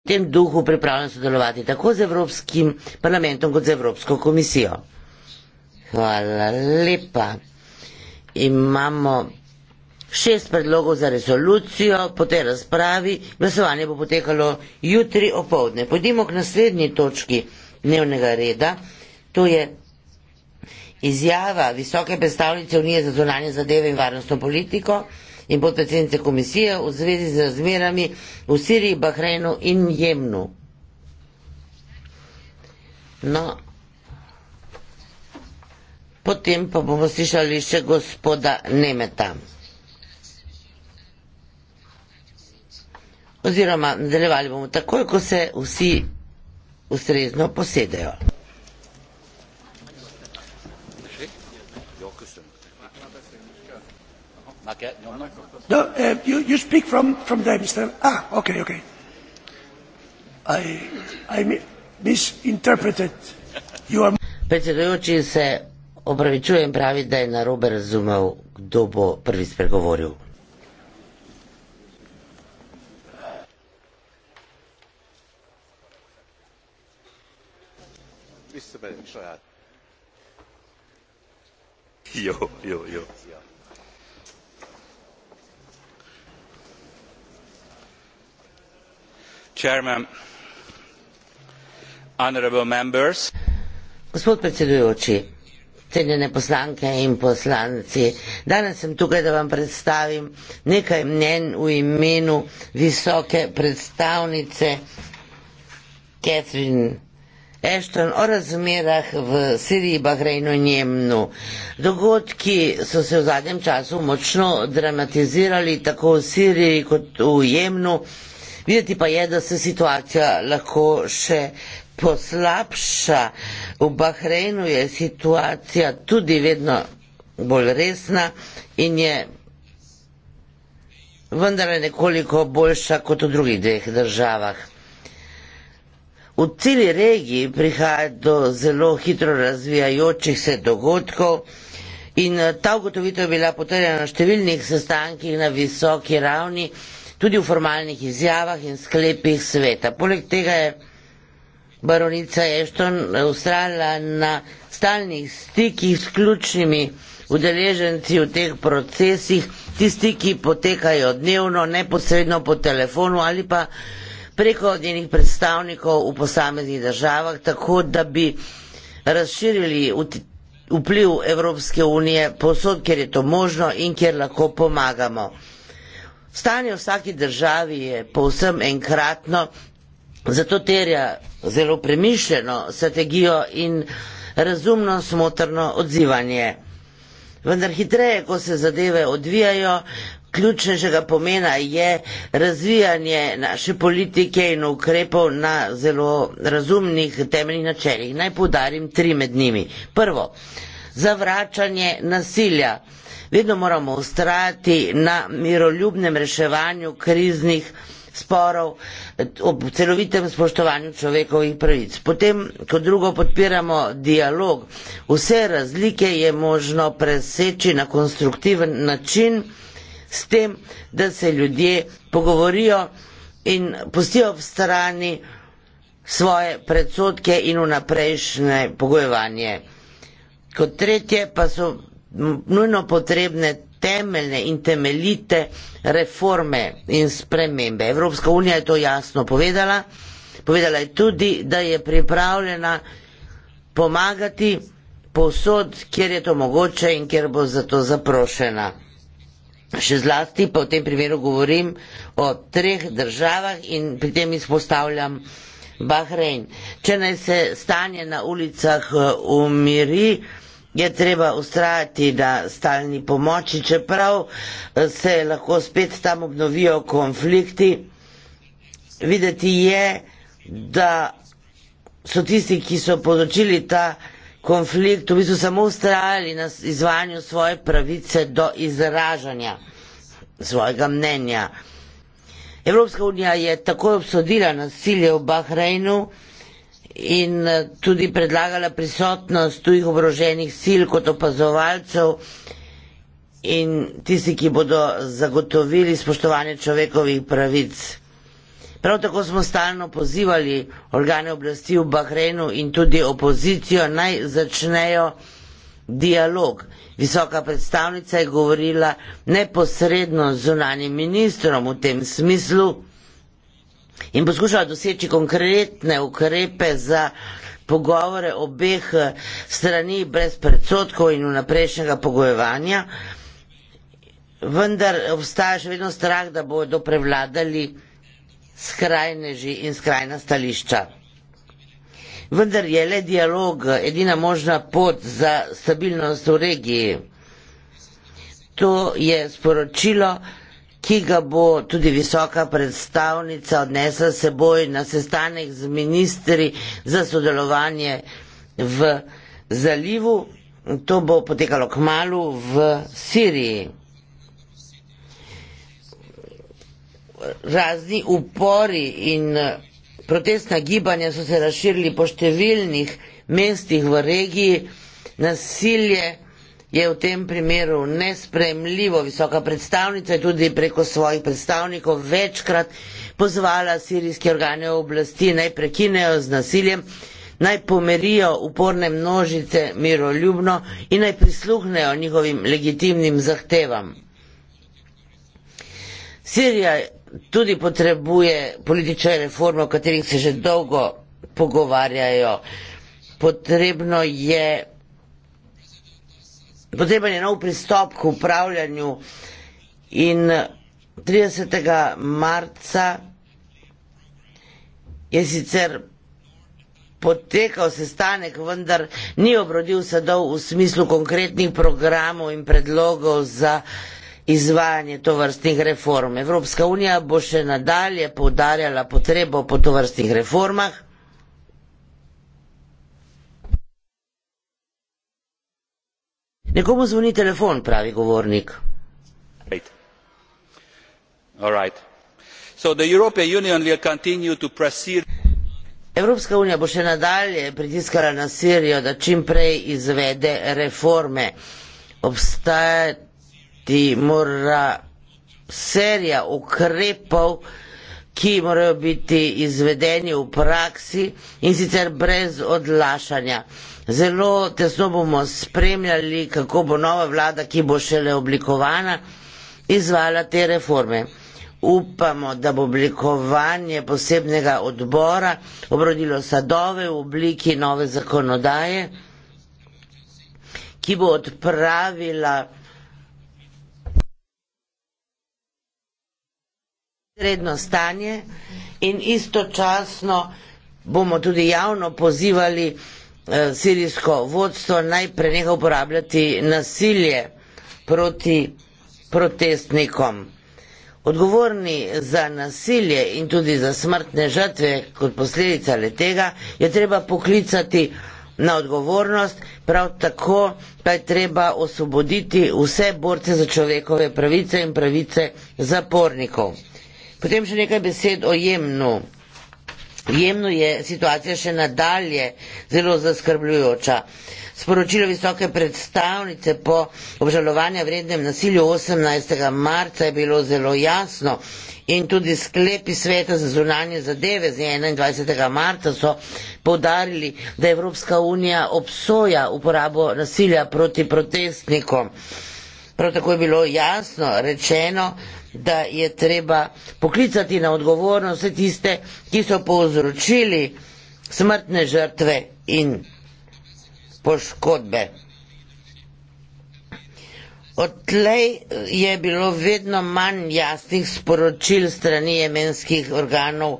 V tem duhu pripravljam sodelovati tako z Evropskim parlamentom kot z Evropsko komisijo. Hvala lepa. Imamo šest predlogov za rezolucijo, po tej razpravi glasovanje bo potekalo jutri opovdne. Pojdimo k naslednji točki dnevnega reda. To je izjava visoke predstavnice Unije za zunanje zadeve in varnostno politiko in podpredsednice komisije v zvezi z razmerami v Siriji, Bahrajnu in Jemnu. No, potem pa bomo slišali še gospoda Nemeta. Oziroma, nadaljevali bomo takoj, ko se vsi ustrezno posedejo. No. no, uh, you, you speak from, from there, Mr. Ah, okay, okay. I, I misinterpreted you are... Predsedujoči se opravičujem pravi, da je narobe razumel, kdo bo prvi spregovoril. Jo, jo, jo. gospod predsedujoči cenjene poslanke in poslanci danes sem tukaj da vam predstavim nekaj mnen v imenu visoke predstavnice Catherine Ashton o razmerah v Siriji, Bahrejnu in Jemnu. Dogodki so se v zadnjem času močno dramatizirali tako v Siriji kot v Jemnu. Videti pa je, da se situacija lahko še poslabša. V Bahreinu je situacija tudi vedno bolj resna in je vendar nekoliko boljša kot v drugih dveh državah. V celi regiji prihaja do zelo hitro razvijajočih se dogodkov in eh, ta ugotovitev je bila potrjena na številnih sestankih na visoki ravni tudi v formalnih izjavah in sklepih sveta. Poleg tega je baronica Ešton ustrajala na stalnih stikih s ključnimi udeleženci v teh procesih, tisti, ki potekajo dnevno, neposredno po telefonu ali pa preko njenih predstavnikov v posameznih državah, tako da bi razširili vpliv Evropske unije posod, kjer je to možno in kjer lahko pomagamo. Stanje v vsaki državi je povsem enkratno, zato terja zelo premišljeno strategijo in razumno smotrno odzivanje. Vendar hitreje, ko se zadeve odvijajo, ključnejšega pomena je razvijanje naše politike in ukrepov na zelo razumnih temeljnih načelih. Naj podarim tri med njimi. Prvo, zavračanje nasilja. Vedno moramo ustrajati na miroljubnem reševanju kriznih sporov ob celovitem spoštovanju človekovih pravic. Potem, kot drugo, podpiramo dialog. Vse razlike je možno preseči na konstruktiven način s tem, da se ljudje pogovorijo in pustijo ob strani svoje predsotke in vnaprejšnje pogojevanje. Kot tretje pa so nujno potrebne temeljne in temeljite reforme in spremembe. Evropska unija je to jasno povedala. Povedala je tudi, da je pripravljena pomagati posod, kjer je to mogoče in kjer bo za to zaprošena. Še zlasti pa v tem primeru govorim o treh državah in pri tem izpostavljam Bahrein. Če naj se stanje na ulicah eh, umiri, je treba ustrajati na stalni pomoči, čeprav eh, se lahko spet tam obnovijo konflikti. Videti je, da so tisti, ki so podočili ta konflikt, v bistvu samo ustrajali na izvajanju svoje pravice do izražanja svojega mnenja. Evropska unija je takoj obsodila nasilje v Bahrajnu, in eh, tudi predlagala prisotnost tujih oboroženih sil kot opazovalcev in tisti, ki bodo zagotovili spoštovanje človekovih pravic. Prav tako smo stalno pozivali organe oblasti v Bahrejnu in tudi opozicijo naj začnejo dialog. Visoka predstavnica je govorila neposredno z zunanim ministrom v tem smislu in poskušala doseči konkretne ukrepe za pogovore obeh eh, strani brez predsotkov in vnaprejšnjega pogojevanja, vendar obstaja še vedno strah, da bodo prevladali skrajneži in skrajna stališča. Vendar je le dialog eh, edina možna pot za stabilnost v regiji. To je sporočilo, ki ga bo tudi visoka predstavnica odnesla seboj na sestanek z ministri za sodelovanje v zalivu. To bo potekalo k malu v Siriji. Razni upori in protestna gibanja so se razširili po številnih mestih v regiji. Nasilje je v tem primeru nespremljivo. Visoka predstavnica je tudi preko svojih predstavnikov večkrat pozvala sirijske organe oblasti naj prekinejo z nasiljem, naj pomerijo uporne množice miroljubno in naj prisluhnejo njihovim legitimnim zahtevam. Sirija tudi potrebuje politične reforme, o katerih se že dolgo pogovarjajo. Potrebno je Potreben je nov pristop k upravljanju in 30. marca je sicer potekal sestanek, vendar ni obrodil sadov v smislu konkretnih programov in predlogov za izvajanje tovrstnih reform. Evropska unija bo še nadalje poudarjala potrebo po tovrstnih reformah. Nekomu zvoni telefon, pravi govornik. Evropska unija bo še nadalje pritiskala na Sirijo, da čim prej izvede reforme. Obstajati mora serija ukrepov, ki morajo biti izvedeni v praksi in sicer brez odlašanja. Zelo tesno bomo spremljali, kako bo nova vlada, ki bo šele oblikovana, izvala te reforme. Upamo, da bo oblikovanje posebnega odbora obrodilo sadove v obliki nove zakonodaje, ki bo odpravila sredno stanje in istočasno bomo tudi javno pozivali, Eh, sirijsko vodstvo naj preneha uporabljati nasilje proti protestnikom. Odgovorni za nasilje in tudi za smrtne žrtve kot posledica le tega je treba poklicati na odgovornost, prav tako pa je treba osvoboditi vse borce za človekove pravice in pravice zapornikov. Potem še nekaj besed o Jemnu. V Jemnu je situacija še nadalje zelo zaskrbljujoča. Sporočilo visoke predstavnice po obžalovanju vrednem nasilju 18. marca je bilo zelo jasno in tudi sklepi sveta za zunanje zadeve z 21. marca so podarili, da Evropska unija obsoja uporabo nasilja proti protestnikom. Prav tako je bilo jasno rečeno, da je treba poklicati na odgovornost vse tiste, ki so povzročili smrtne žrtve in poškodbe. Odtlej je bilo vedno manj jasnih sporočil strani jemenskih organov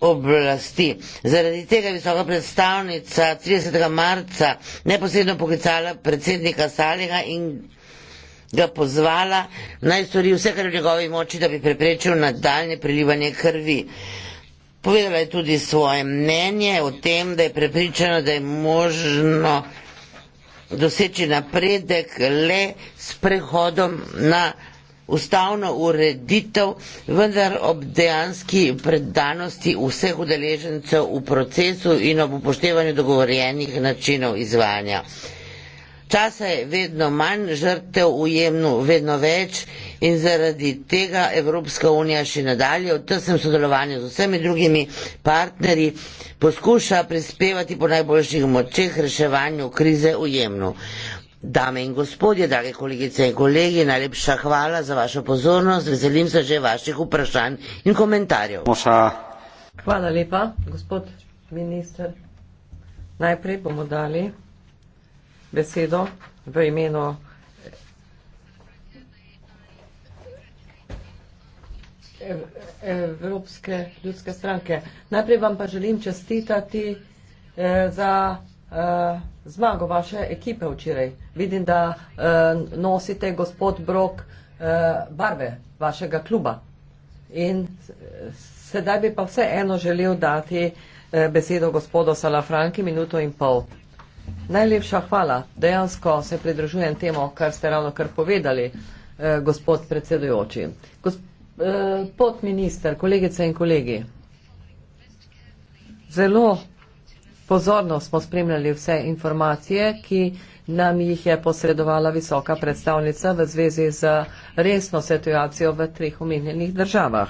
oblasti. Zaradi tega je visoka predstavnica 30. marca neposredno poklicala predsednika Salega in ga pozvala naj stori vse, kar je v njegovi moči, da bi preprečil nadaljne prilivanje krvi. Povedala je tudi svoje mnenje o tem, da je prepričana, da je možno doseči napredek le s prehodom na ustavno ureditev, vendar ob dejanski predanosti vseh udeležencev v procesu in ob upoštevanju dogovorjenih načinov izvajanja. Časa je vedno manj, žrtev ujemno vedno več in zaradi tega Evropska unija še nadalje v tesnem sodelovanju z vsemi drugimi partnerji poskuša prispevati po najboljših močeh reševanju krize ujemno. Dame in gospodje, drage kolegice in kolegi, najlepša hvala za vašo pozornost. Veselim se že vaših vprašanj in komentarjev. Hvala lepa, gospod minister. Najprej bomo dali besedo v imenu Evropske ljudske stranke. Najprej vam pa želim čestitati eh, za eh, zmago vaše ekipe včeraj. Vidim, da eh, nosite gospod Brok barve vašega kluba. In sedaj bi pa vse eno želel dati besedo gospodo Salafranki, minuto in pol. Najlepša hvala. Dejansko se pridružujem temu, kar ste ravno kar povedali, eh, gospod predsedujoči. Gosp, eh, podminister, kolegice in kolegi, zelo pozorno smo spremljali vse informacije, ki nam jih je posredovala visoka predstavnica v zvezi z resno situacijo v treh omenjenih državah,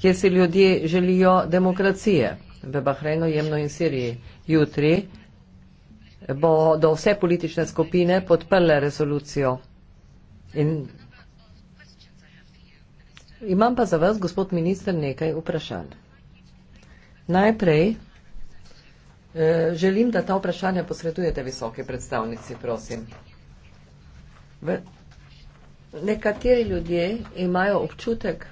kjer si ljudje želijo demokracije v Bahrejnu, Jemnu in Siriji. Jutri bodo vse politične skupine podprle rezolucijo. In imam pa za vas, gospod minister, nekaj vprašanj. Najprej eh, želim, da ta vprašanja posredujete visoke predstavnici, prosim. V nekateri ljudje imajo občutek,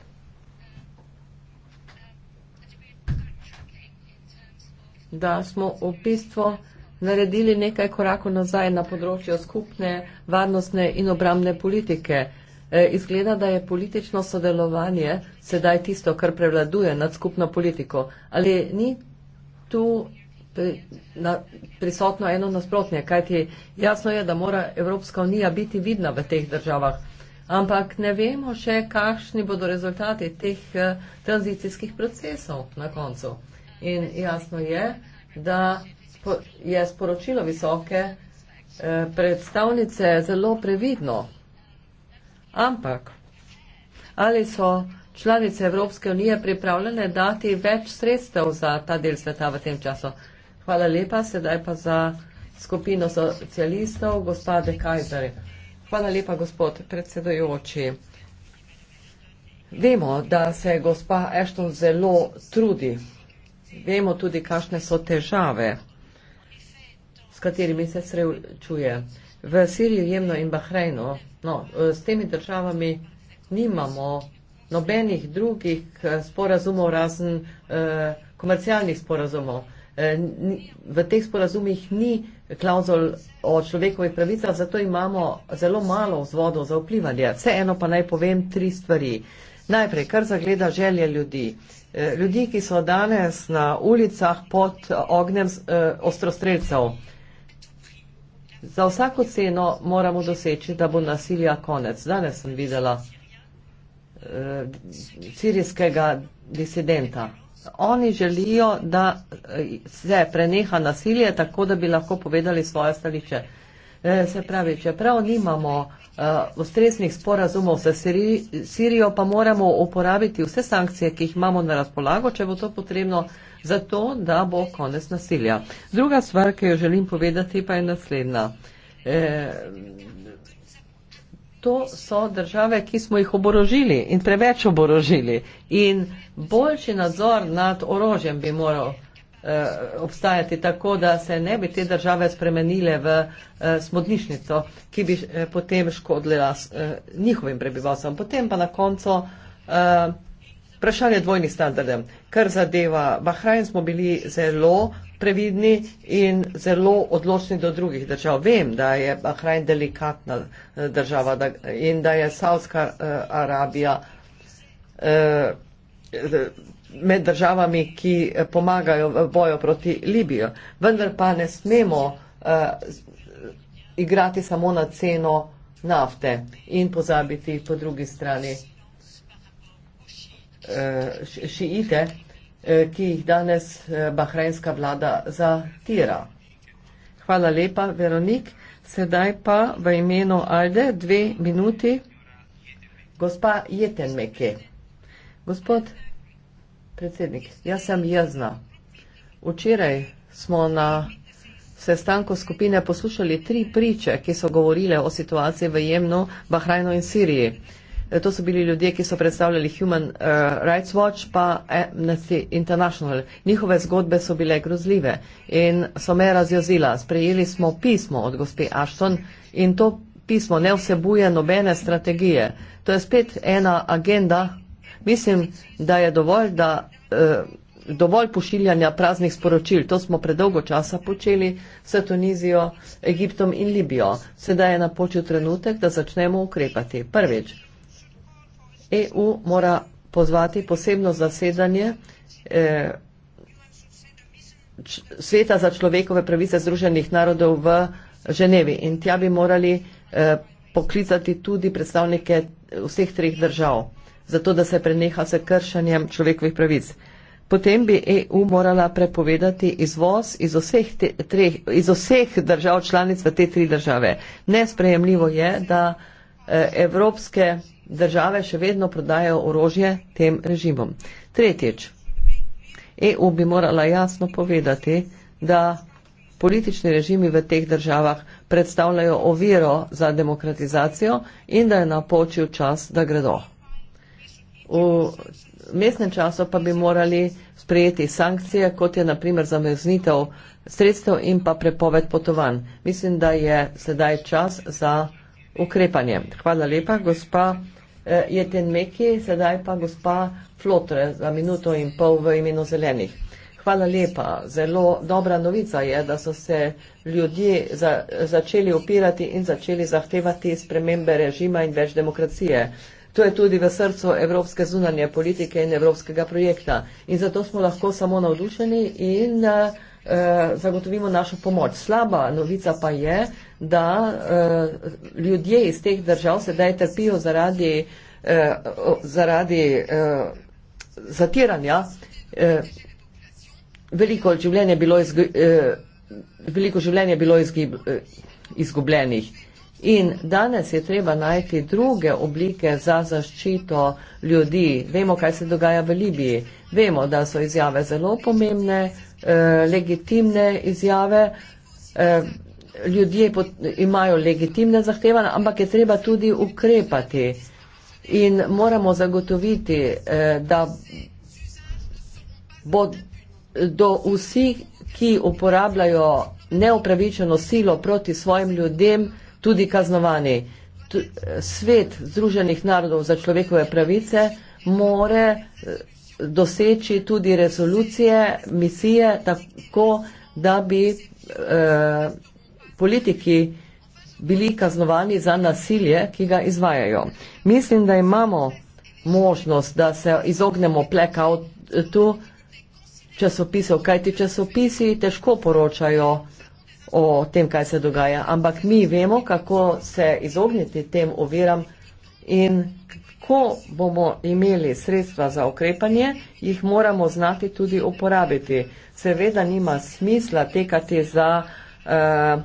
da smo v bistvu naredili nekaj korakov nazaj na področju skupne varnostne in obramne politike. E, izgleda, da je politično sodelovanje sedaj tisto, kar prevladuje nad skupno politiko. Ali ni tu prisotno eno nasprotnje, kajti jasno je, da mora Evropska unija biti vidna v teh državah. Ampak ne vemo še, kakšni bodo rezultati teh e, tranzicijskih procesov na koncu. In jasno je, da je sporočilo visoke eh, predstavnice zelo previdno. Ampak, ali so članice Evropske unije pripravljene dati več sredstev za ta del sveta v tem času? Hvala lepa, sedaj pa za skupino socialistov, gospa De Kajzer. Hvala lepa, gospod predsedojoči. Vemo, da se gospa Ešton zelo trudi. Vemo tudi, kakšne so težave katerimi se srečuje. V Siriji, Jemnu in Bahrajnu, no, s temi državami nimamo nobenih drugih eh, sporazumov, razen eh, komercialnih sporazumov. Eh, v teh sporazumih ni klauzul o človekovih pravicah, zato imamo zelo malo vzvodov za vplivanje. Vseeno pa naj povem tri stvari. Najprej, kar zagleda želje ljudi. Ljudi, ki so danes na ulicah pod ognjem ostrostrelcev. Za vsako ceno moramo doseči, da bo nasilja konec. Danes sem videla uh, sirijskega disidenta. Oni želijo, da se preneha nasilje, tako da bi lahko povedali svoje stališče. Uh, E, se pravi, čeprav nimamo uh, e, ustresnih sporazumov s Sirijo, pa moramo uporabiti vse sankcije, ki jih imamo na razpolago, če bo to potrebno, zato da bo konec nasilja. Druga stvar, ki jo želim povedati, pa je naslednja. E, to so države, ki smo jih oborožili in preveč oborožili. In boljši nadzor nad orožjem bi moral Eh, obstajati tako, da se ne bi te države spremenile v eh, smodnišnico, ki bi eh, potem škodila njihovim prebivalcem. Potem pa na koncu vprašanje dvojnih standardov. Kar zadeva Bahrajn, smo bili zelo previdni in zelo odločni do drugih držav. Vem, da je Bahrajn delikatna država in da je Saudska Arabija med državami, ki eh, pomagajo v boju proti Libijo. Vendar pa ne smemo uh, igrati samo na ceno nafte in pozabiti po drugi strani uh, šiite, uh, ki jih danes bahrajnska vlada zatira. Hvala lepa, Veronik. Sedaj pa v imenu Alde dve minuti. Gospa Jetenmeke. Gospod predsednik, jaz sem jazna. Včeraj smo na sestanku skupine poslušali tri priče, ki so govorile o situaciji v Jemnu, Bahrajnu in Siriji. E, to so bili ljudje, ki so predstavljali Human e, Rights Watch pa Amnesty International. Njihove zgodbe so bile grozljive in so me razjozila. Sprejeli smo pismo od gospe Ashton in to pismo ne vsebuje nobene strategije. To je spet ena agenda, Mislim, da je dovolj, da, eh, dovolj pošiljanja praznih sporočil. To smo predolgo časa počeli s Tunizijo, Egiptom in Libijo. Sedaj je na počel trenutek, da začnemo ukrepati. Prvič, EU mora pozvati posebno zasedanje eh, Sveta za človekove pravice Združenih narodov v Ženevi in tja bi morali eh, poklicati tudi predstavnike vseh treh držav zato da se preneha s kršenjem človekovih pravic. Potem bi EU morala prepovedati izvoz iz vseh, te, treh, iz vseh držav članic v te tri države. Nesprejemljivo je, da eh, evropske države še vedno prodajajo orožje tem režimom. Tretjič, EU bi morala jasno povedati, da politični režimi v teh državah predstavljajo oviro za demokratizacijo in da je napočil čas, da gredo. V mestnem času pa bi morali sprejeti sankcije, kot je naprimer zamrznitev sredstev in pa prepoved potovanj. Mislim, da je sedaj čas za ukrepanje. Hvala lepa, gospa eh, Jeten Meki, sedaj pa gospa Flotre za minuto in pol v imenu zelenih. Hvala lepa. Zelo dobra novica je, da so se ljudje za, začeli upirati in začeli zahtevati spremembe režima in več demokracije. To je tudi v srcu evropske zunanje politike in evropskega projekta. In zato smo lahko samo navdušeni in eh, zagotovimo našo pomoč. Slaba novica pa je, da eh, ljudje iz teh držav sedaj trpijo zaradi, eh, zaradi eh, zatiranja. Eh, veliko življenje je bilo, izgu, eh, veliko življenje bilo izgib, eh, izgubljenih. In danes je treba najti druge oblike za zaščito ljudi. Vemo, kaj se dogaja v Libiji. Vemo, da so izjave zelo pomembne, eh, legitimne izjave. Eh, ljudje imajo legitimne zahtevane, ampak je treba tudi ukrepati. In moramo zagotoviti, eh, da bodo vsi, ki uporabljajo neopravičeno silo proti svojim ljudem, tudi kaznovani. Eh, svet Združenih narodov za človekove pravice more eh, doseči tudi rezolucije, misije, tako da bi eh, politiki bili kaznovani za nasilje, ki ga izvajajo. Mislim, da imamo možnost, da se izognemo plekautu časopisov, kajti časopisi težko poročajo uh, o tem, kaj se dogaja. Ampak mi vemo, kako se izogniti tem oviram in ko bomo imeli sredstva za okrepanje, jih moramo znati tudi uporabiti. Seveda nima smisla tekati za eh,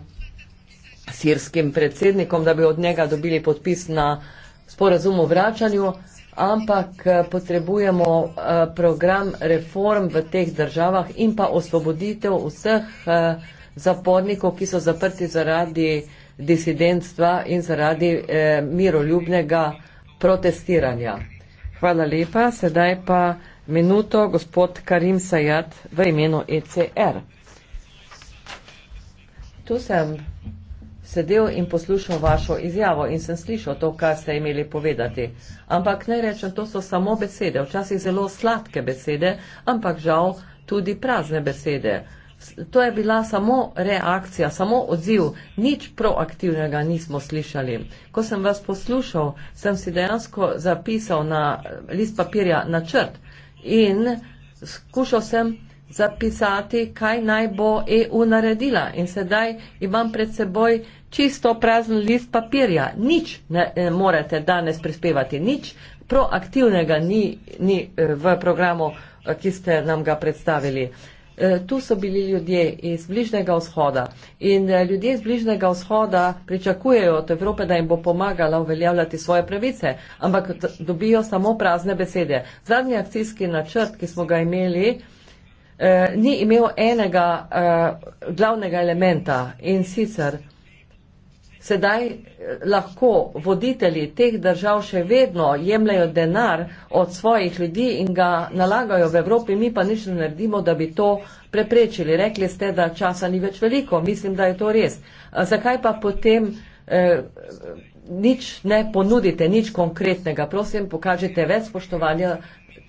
sirskim predsednikom, da bi od njega dobili podpis na sporazum o vračanju, ampak eh, potrebujemo eh, program reform v teh državah in pa osvoboditev vseh. Eh, zapornikov, ki so zaprti zaradi disidentstva in zaradi eh, miroljubnega protestiranja. Hvala lepa. Sedaj pa minuto gospod Karim Sajat v imenu ECR. Tu sem sedel in poslušal vašo izjavo in sem slišal to, kar ste imeli povedati. Ampak naj rečem, to so samo besede, včasih zelo sladke besede, ampak žal tudi prazne besede to je bila samo reakcija, samo odziv, nič proaktivnega nismo slišali. Ko sem vas poslušal, sem si dejansko zapisal na list papirja načrt in skušal sem zapisati, kaj naj bo EU naredila. In sedaj imam pred seboj čisto prazen list papirja. Nič ne, ne morete danes prispevati, nič proaktivnega ni, ni eh, v programu, eh, ki ste nam ga predstavili. Eh, tu so bili ljudje iz Bližnjega vzhoda in eh, ljudje iz Bližnjega vzhoda pričakujejo od Evrope, da jim bo pomagala uveljavljati svoje pravice, ampak dobijo samo prazne besede. Zadnji akcijski načrt, ki smo ga imeli, eh, ni imel enega glavnega elementa in sicer sedaj eh, lahko voditelji teh držav še vedno jemljajo denar od svojih ljudi in ga nalagajo v Evropi, mi pa nič ne naredimo, da bi to preprečili. Rekli ste, da časa ni več veliko, mislim, da je to res. Zakaj pa potem eh, nič ne ponudite, nič konkretnega? Prosim, pokažite več spoštovanja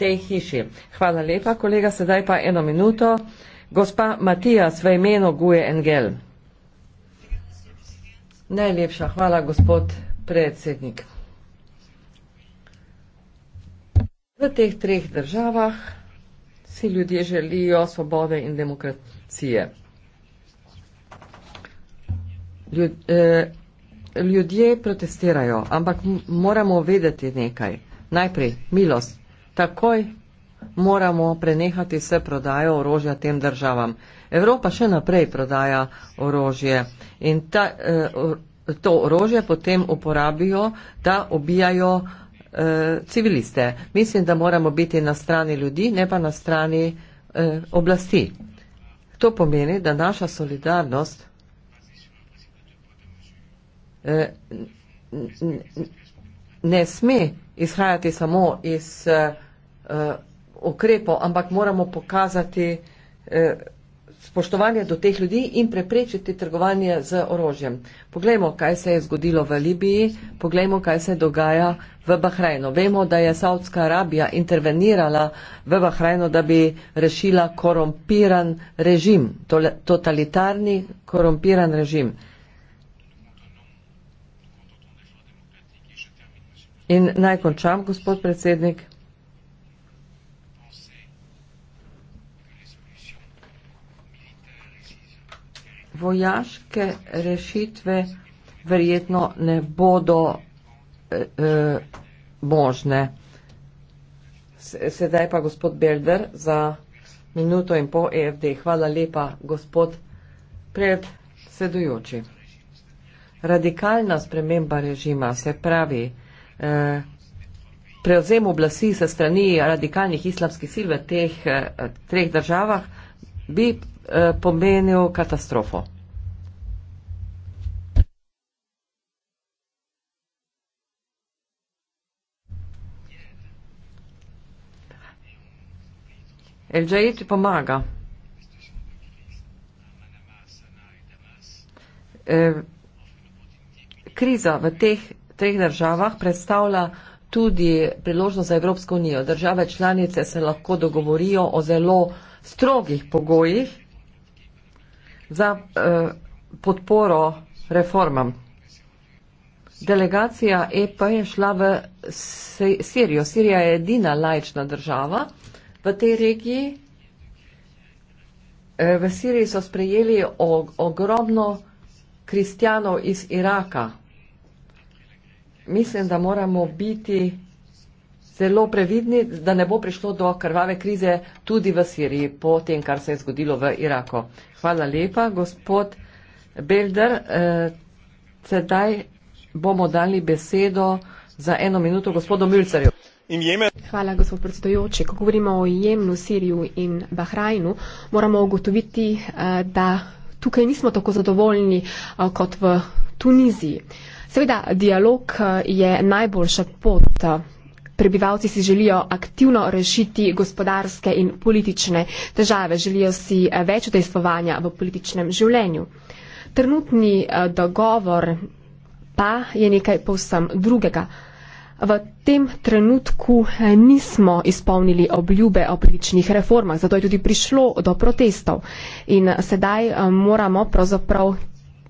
tej hiši. Hvala lepa, kolega, sedaj pa eno minuto. Gospa Matija, svoje imeno Guje Engel. Najlepša hvala, gospod predsednik. V teh treh državah si ljudje želijo svobode in demokracije. Ljud, eh, ljudje protestirajo, ampak moramo vedeti nekaj. Najprej milost, takoj moramo prenehati se prodajo orožja tem državam. Evropa še naprej prodaja orožje in ta, eh, to orožje potem uporabijo, da obijajo eh, civiliste. Mislim, da moramo biti na strani ljudi, ne pa na strani eh, oblasti. To pomeni, da naša solidarnost ne sme izhajati samo iz okrepov, ampak moramo pokazati eh, spoštovanje do teh ljudi in preprečiti trgovanje z orožjem. Poglejmo, kaj se je zgodilo v Libiji, poglejmo, kaj se dogaja v Bahrajnu. Vemo, da je Saudska Arabija intervenirala v Bahrajnu, da bi rešila korumpiran režim, totalitarni korumpiran režim. In naj končam, gospod predsednik. vojaške rešitve verjetno ne bodo e, e, možne. Sedaj pa gospod Belder za minuto in pol EFD. Hvala lepa, gospod predsedujoči. Radikalna sprememba režima, se pravi, eh, prevzem oblasti se strani radikalnih islamskih sil v teh eh, treh državah, bi Eh, pomenil katastrofo. Elžaji ti pomaga. Eh, kriza v teh treh državah predstavlja tudi priložnost za Evropsko unijo. Države članice se lahko dogovorijo o zelo strogih pogojih, za eh, podporo reformam. Delegacija EP je šla v Sirijo. Sirija je edina lajčna država v tej regiji. Eh, v Siriji so sprejeli og ogromno kristjanov iz Iraka. Mislim, da moramo biti zelo previdni, da ne bo prišlo do krvave krize tudi v Siriji, po tem, kar se je zgodilo v Iraku. Hvala lepa, gospod Belder. Eh, sedaj bomo dali besedo za eno minuto gospodu Mülcerju. Hvala, gospod predstojoči. Ko govorimo o Jemnu, Siriju in Bahrajnu, moramo ugotoviti, eh, da tukaj nismo tako zadovoljni eh, kot v Tuniziji. Seveda, dialog je najboljša pot. Prebivalci si želijo aktivno rešiti gospodarske in politične težave, želijo si eh, več udejstvovanja v političnem življenju. Trenutni eh, dogovor pa je nekaj povsem drugega. V tem trenutku eh, nismo izpolnili obljube o političnih reformah, zato je tudi prišlo do protestov. In sedaj moramo pravzaprav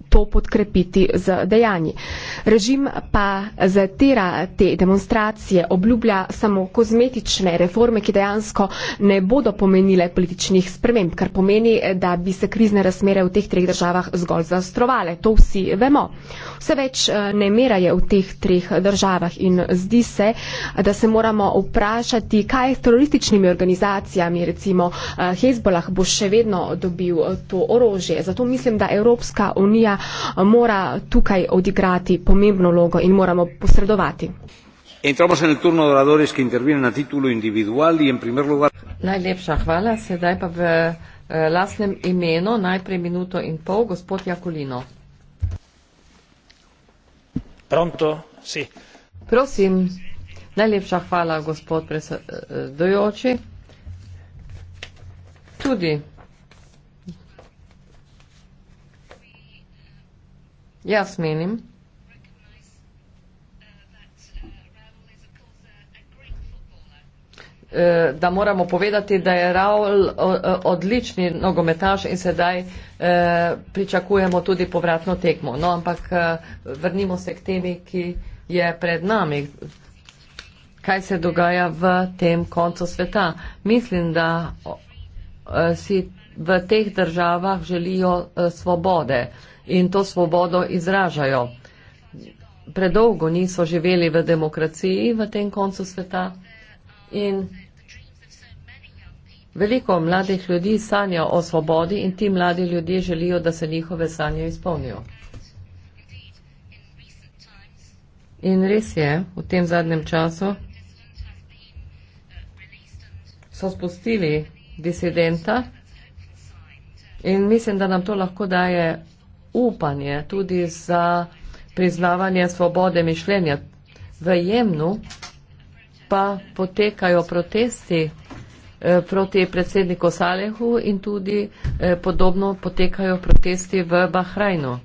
to podkrepiti z dejanji. Režim pa zatira te demonstracije, obljublja samo kozmetične reforme, ki dejansko ne bodo pomenile političnih sprememb, kar pomeni, da bi se krizne razmere v teh treh državah zgolj zastrovale. To vsi vemo. Vse več eh, nemira je v teh treh državah in zdi se, da se moramo vprašati, kaj s terorističnimi organizacijami, recimo eh, Hezbolah, bo še vedno dobil to orožje. Zato mislim, da Evropska unija mora tukaj odigrati pomembno vlogo in moramo posredovati. Entramos en el turno de oradores que intervienen a título individual y en primer lugar. Najlepša hvala, sedaj pa v eh, lastnem imenu, najprej minuto in pol, gospod Jakolino. Pronto, si. Prosim, najlepša hvala, gospod predsedujoči. Tudi Jaz menim, eh, da moramo povedati, da je Raul eh, odlični nogometaš in sedaj eh, pričakujemo tudi povratno tekmo. No, ampak vrnimo se k temi, ki je pred nami. Kaj se dogaja v tem koncu sveta? Mislim, da si v teh državah želijo eh, svobode in to svobodo izražajo. Predolgo niso živeli v demokraciji v tem koncu sveta in veliko mladih ljudi sanja o svobodi in ti mladi ljudje želijo, da se njihove sanje izpolnijo. In res je, v tem zadnjem času so spustili disidenta, In mislim, da nam to lahko daje upanje tudi za priznavanje svobode mišljenja. V Jemnu pa potekajo protesti eh, proti predsedniku Salehu in tudi eh, podobno potekajo protesti v Bahrajnu.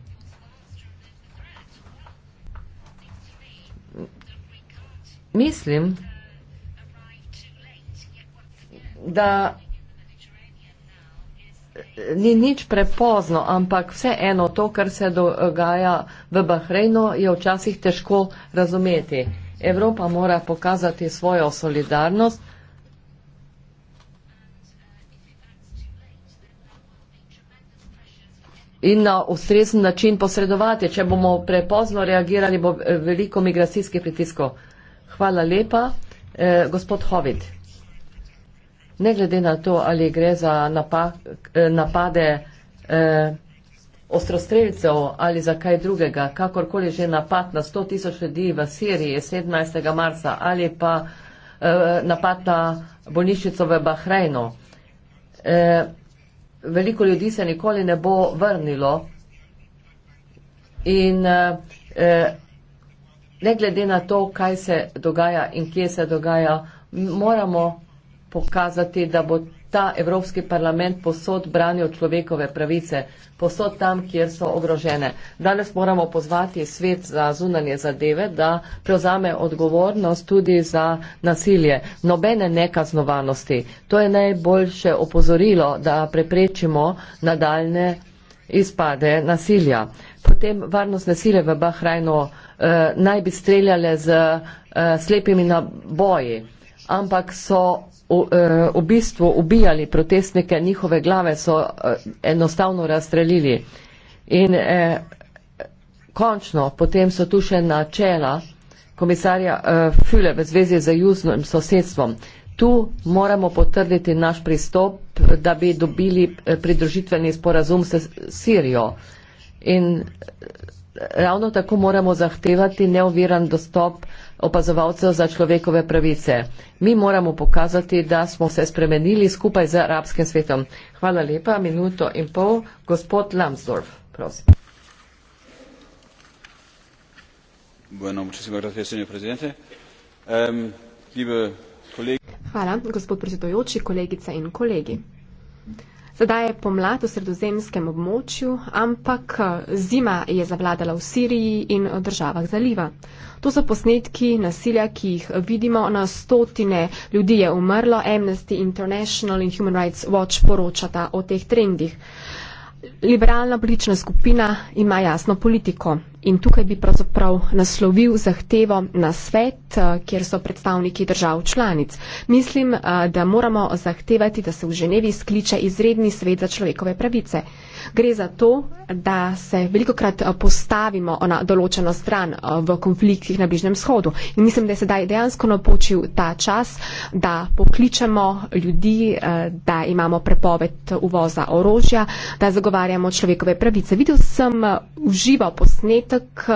Mislim, da ni nič prepozno, ampak vseeno to, kar se dogaja v Bahrejnu, je včasih težko razumeti. Evropa mora pokazati svojo solidarnost. In na ustrezen način posredovati. Če bomo prepozno reagirali, bo veliko migracijskih pritiskov. Hvala lepa. Eh, gospod Hovid ne glede na to, ali gre za napa, eh, napade eh, ostrostrelcev ali za kaj drugega, kakorkoli že napad na 100 tisoč ljudi v Siriji 17. marca ali pa eh, napad na bolnišnico v Bahrajnu. Eh, veliko ljudi se nikoli ne bo vrnilo in eh, ne glede na to, kaj se dogaja in kje se dogaja, moramo pokazati, da bo ta Evropski parlament posod branil človekove pravice, posod tam, kjer so ogrožene. Danes moramo pozvati svet za zunanje zadeve, da prevzame odgovornost tudi za nasilje. Nobene nekaznovanosti. To je najboljše opozorilo, da preprečimo nadaljne izpade nasilja. Potem varnostne sile v Bahrajnu eh, naj bi streljale z eh, slepimi naboji, ampak so E, v bistvu ubijali protestnike, njihove glave so e, enostavno razstrelili. In eh, končno potem so tu še načela komisarja eh, Füle v zvezi z južnim sosedstvom. Tu moramo potrditi naš pristop, da bi dobili e, pridružitveni sporazum s Sirijo. In ravno tako moramo zahtevati neoviran dostop eh, opazovalcev za človekove pravice. Mi moramo pokazati, da smo se spremenili skupaj z arabskim svetom. Hvala lepa, minuto in pol. Gospod Lambsdorff, prosim. Bueno, gracias, um, libe, Hvala, gospod predsedujoči, kolegice in kolegi. Sedaj je pomlad v sredozemskem območju, ampak eh, zima je zavladala v Siriji in državah zaliva. To so posnetki nasilja, ki jih vidimo. Na stotine ljudi je umrlo. Amnesty International in Human Rights Watch poročata o teh trendih liberalna politična skupina ima jasno politiko. In tukaj bi pravzaprav naslovil zahtevo na svet, eh, kjer so predstavniki držav članic. Mislim, eh, da moramo zahtevati, da se v Ženevi skliče izredni svet za človekove pravice. Gre za to, da se veliko krat eh, postavimo na določeno stran eh, v konfliktih na Bližnjem shodu. In mislim, da je sedaj dejansko napočil ta čas, da pokličemo ljudi, eh, da imamo prepoved uvoza orožja, da zagovarjamo človekove pravice. Videl sem uživo posnetek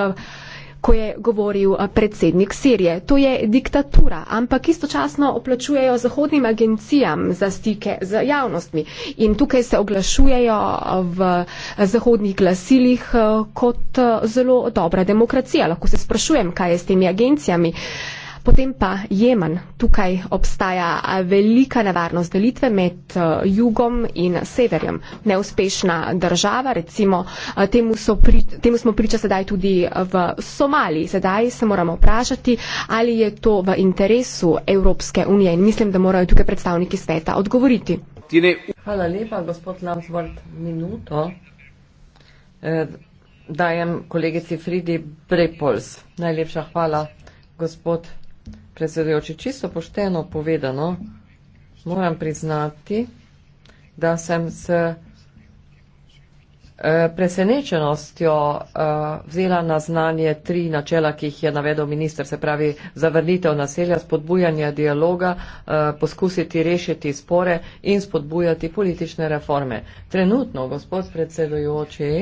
ko je govoril eh, predsednik Sirije. To je diktatura, ampak istočasno oplačujejo zahodnim agencijam za stike z javnostmi. In tukaj se oglašujejo eh, v eh, zahodnih glasilih kot zelo dobra demokracija. Lahko se sprašujem, kaj je s temi agencijami. Uh, Potem pa Jemen. Tukaj obstaja velika nevarnost delitve med e, jugom in severjem. Neuspešna država, recimo, temu, pri, temu smo priča sedaj tudi v Somaliji. Sedaj se moramo vprašati, ali je to v interesu Evropske unije in mislim, da morajo tukaj predstavniki sveta odgovoriti. Hvala lepa, gospod Lamsvart, minuto. E, dajem kolegici Fridi Prepols. Najlepša hvala, gospod predsedujoči, čisto pošteno povedano, moram priznati, da sem s eh, presenečenostjo eh, vzela na znanje tri načela, ki jih je navedel minister, se pravi zavrnitev naselja, spodbujanje dialoga, eh, poskusiti rešiti spore in spodbujati politične reforme. Trenutno, gospod predsedujoči,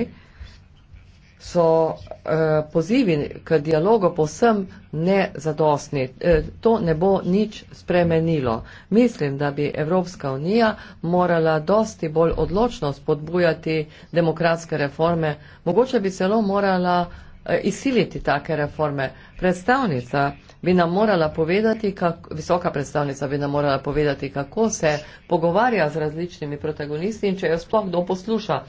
so eh, pozivi k dialogu povsem nezadostni. Eh, to ne bo nič spremenilo. Mislim, da bi Evropska unija morala dosti bolj odločno spodbujati demokratske reforme. Mogoče bi celo morala eh, izsiliti take reforme. Predstavnica bi nam morala povedati, kako, visoka predstavnica bi nam morala povedati, kako se pogovarja z različnimi protagonisti in če jo sploh kdo posluša.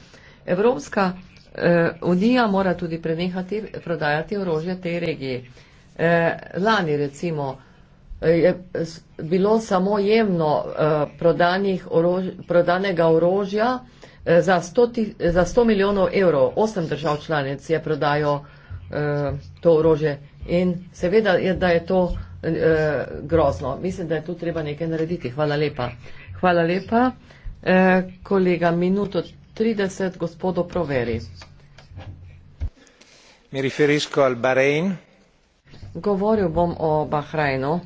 Evropska Eh, Unija mora tudi prenehati prodajati orožje tej regiji. Eh, Lani recimo eh, je bilo samo jemno prodanih orož, prodanega orožja za 100, za 100 milijonov evrov. Osem držav članic je prodajo to orožje in seveda je, da je to grozno. Mislim, da je tu treba nekaj narediti. Hvala lepa. Hvala lepa. Kolega, minuto trideset gospodu proveri. Mi riferisco al Bahrein. Govoril bom o Bahreinu.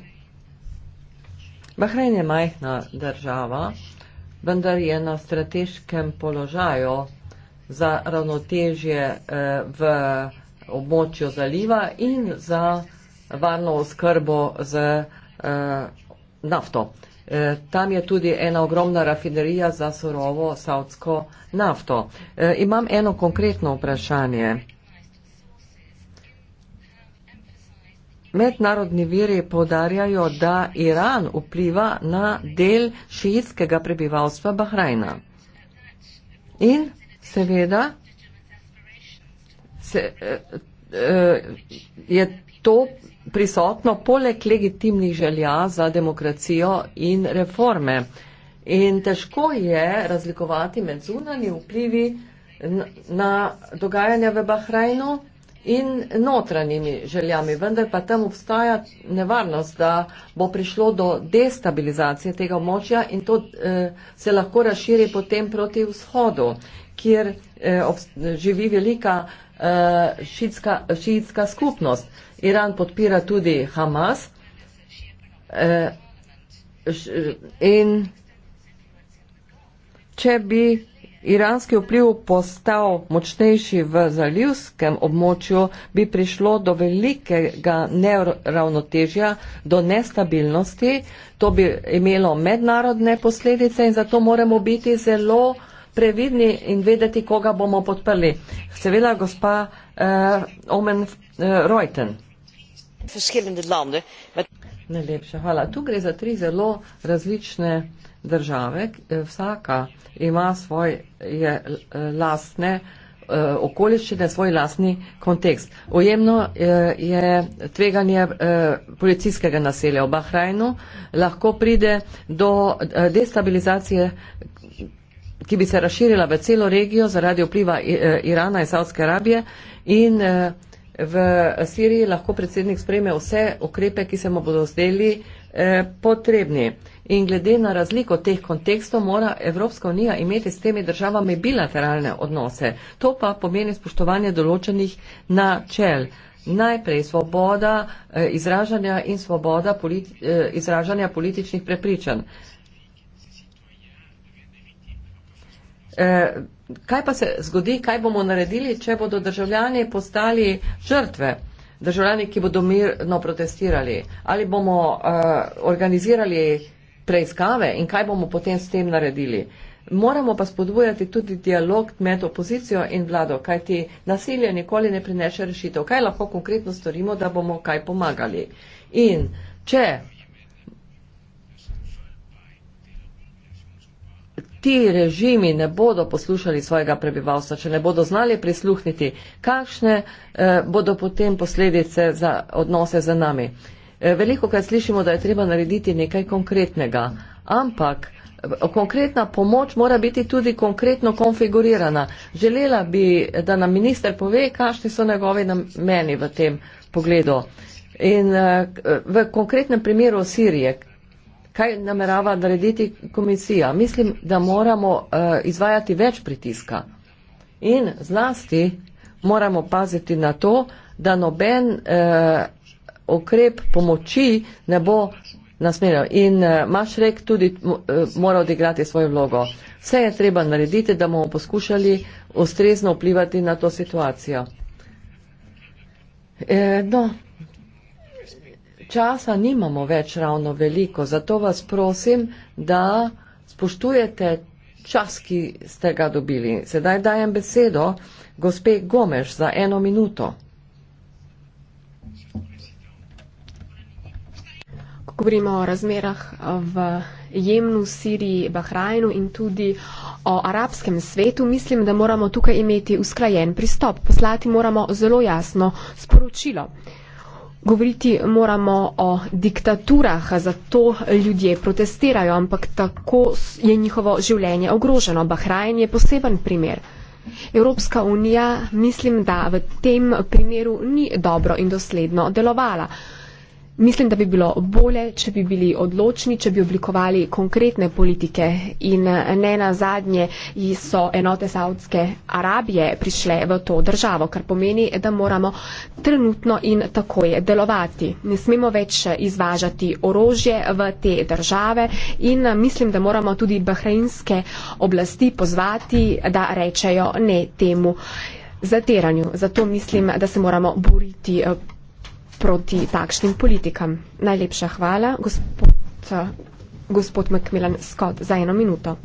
Bahrein je majhna država, vendar je na strateškem položaju za ravnotežje eh, v območju zaliva in za varno oskrbo z eh, nafto. E, tam je tudi ena ogromna rafinerija za surovo savtsko nafto. E, imam eno konkretno vprašanje. Mednarodni viri povdarjajo, da Iran vpliva na del šiitskega prebivalstva Bahrajna. In seveda se, e, je to prisotno poleg legitimnih želja za demokracijo in reforme. In težko je razlikovati med zunanji vplivi na dogajanja v Bahrajnu in notranjimi željami. Vendar pa tam obstaja nevarnost, da bo prišlo do destabilizacije tega območja in to eh, se lahko razširi potem proti vzhodu, kjer eh, živi velika eh, šiitska skupnost. Eh, Iran podpira tudi Hamas eh, in če bi iranski vpliv postal močnejši v zalivskem območju, bi prišlo do velikega neravnotežja, do nestabilnosti, to bi imelo mednarodne posledice in zato moramo biti zelo previdni in vedeti, koga bomo podprli. Seveda gospa eh, Omen eh, Reuten verschillende landen. Najlepša hvala. Tu gre za tri zelo različne države. Vsaka ima svoje eh, lastne eh, okoliščine, svoj lastni kontekst. Ojemno eh, je tveganje policijskega naselja v Bahrajnu. Lahko pride do destabilizacije, ki bi se razširila v celo regijo zaradi vpliva Irana in Saudske Arabije in V Siriji lahko predsednik spreme vse ukrepe, ki se mu bodo zdeli eh, potrebni. In glede na razliko teh kontekstov mora Evropska unija imeti s temi državami bilateralne odnose. To pa pomeni spoštovanje določenih načel. Najprej svoboda eh, izražanja in svoboda politi, eh, izražanja političnih prepričanj. eh, kaj pa se zgodi, kaj bomo naredili, če bodo državljani postali žrtve, državljani, ki bodo mirno protestirali, ali bomo eh, organizirali preiskave in kaj bomo potem s tem naredili. Moramo pa spodbujati tudi dialog med opozicijo in vlado, kajti nasilje nikoli ne prineša rešitev. Kaj lahko konkretno storimo, da bomo kaj pomagali? In če ti režimi ne bodo poslušali svojega prebivalstva, če ne bodo znali prisluhniti, kakšne eh, bodo potem posledice za odnose z nami. Eh, veliko krat slišimo, da je treba narediti nekaj konkretnega, ampak eh, konkretna pomoč mora biti tudi konkretno konfigurirana. Želela bi, da nam minister pove, kakšni so njegovi nameni v tem pogledu. In eh, eh v konkretnem primeru Sirije, kaj namerava narediti komisija. Mislim, da moramo uh, izvajati več pritiska in zlasti moramo paziti na to, da noben uh, eh, okrep pomoči ne bo nasmerjal. In uh, Maš Rek tudi uh, mora odigrati svojo vlogo. Vse je treba narediti, da bomo poskušali ustrezno vplivati na to situacijo. Uh, no časa nimamo več ravno veliko, zato vas prosim, da spoštujete čas, ki ste ga dobili. Sedaj dajem besedo gospe Gomeš za eno minuto. Ko govorimo o razmerah v Jemnu, Siriji, Bahrajnu in tudi o arabskem svetu, mislim, da moramo tukaj imeti usklajen pristop. Poslati moramo zelo jasno sporočilo. Govoriti moramo o diktaturah, zato ljudje protestirajo, ampak tako je njihovo življenje ogroženo. Bahrajn je poseben primer. Evropska unija mislim, da v tem primeru ni dobro in dosledno delovala. Mislim, da bi bilo bolje, če bi bili odločni, če bi oblikovali konkretne politike in ne na zadnje so enote Saudske Arabije prišle v to državo, kar pomeni, da moramo trenutno in takoje delovati. Ne smemo več izvažati orožje v te države in mislim, da moramo tudi bahrajinske oblasti pozvati, da rečejo ne temu zateranju. Zato mislim, da se moramo boriti. Eh, proti takšnim politikam. Najlepša hvala, gospod, gospod Macmillan Scott, za eno minuto.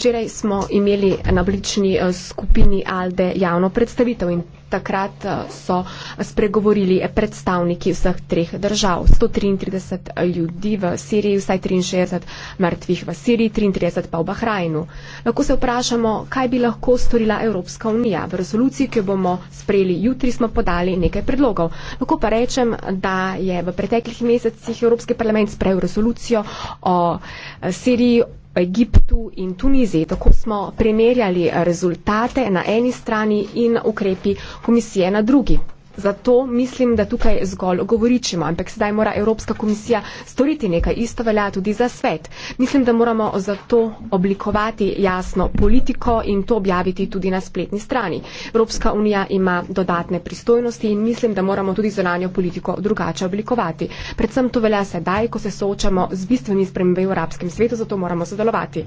Včeraj smo imeli na blični eh, skupini Alde javno predstavitev in takrat eh, so spregovorili predstavniki vseh treh držav. 133 eh, ljudi v Siriji, vsaj 63 mrtvih v Siriji, 33 pa v Bahrajnu. Lahko se vprašamo, kaj bi lahko storila Evropska unija. V rezoluciji, ki jo bomo sprejeli jutri, smo podali nekaj predlogov. Lahko pa rečem, da je v preteklih mesecih Evropski parlament sprejel rezolucijo o eh, Siriji, Egiptu in Tuniziji. Tako smo primerjali rezultate na eni strani in ukrepi komisije na drugi. Zato mislim, da tukaj zgolj govoričimo, ampak sedaj mora Evropska komisija storiti nekaj. Isto velja tudi za svet. Mislim, da moramo zato oblikovati jasno politiko in to objaviti tudi na spletni strani. Evropska unija ima dodatne pristojnosti in mislim, da moramo tudi zonanjo politiko drugače oblikovati. Predvsem to velja sedaj, ko se soočamo z bistvenimi spremembami v arabskem svetu, zato moramo sodelovati.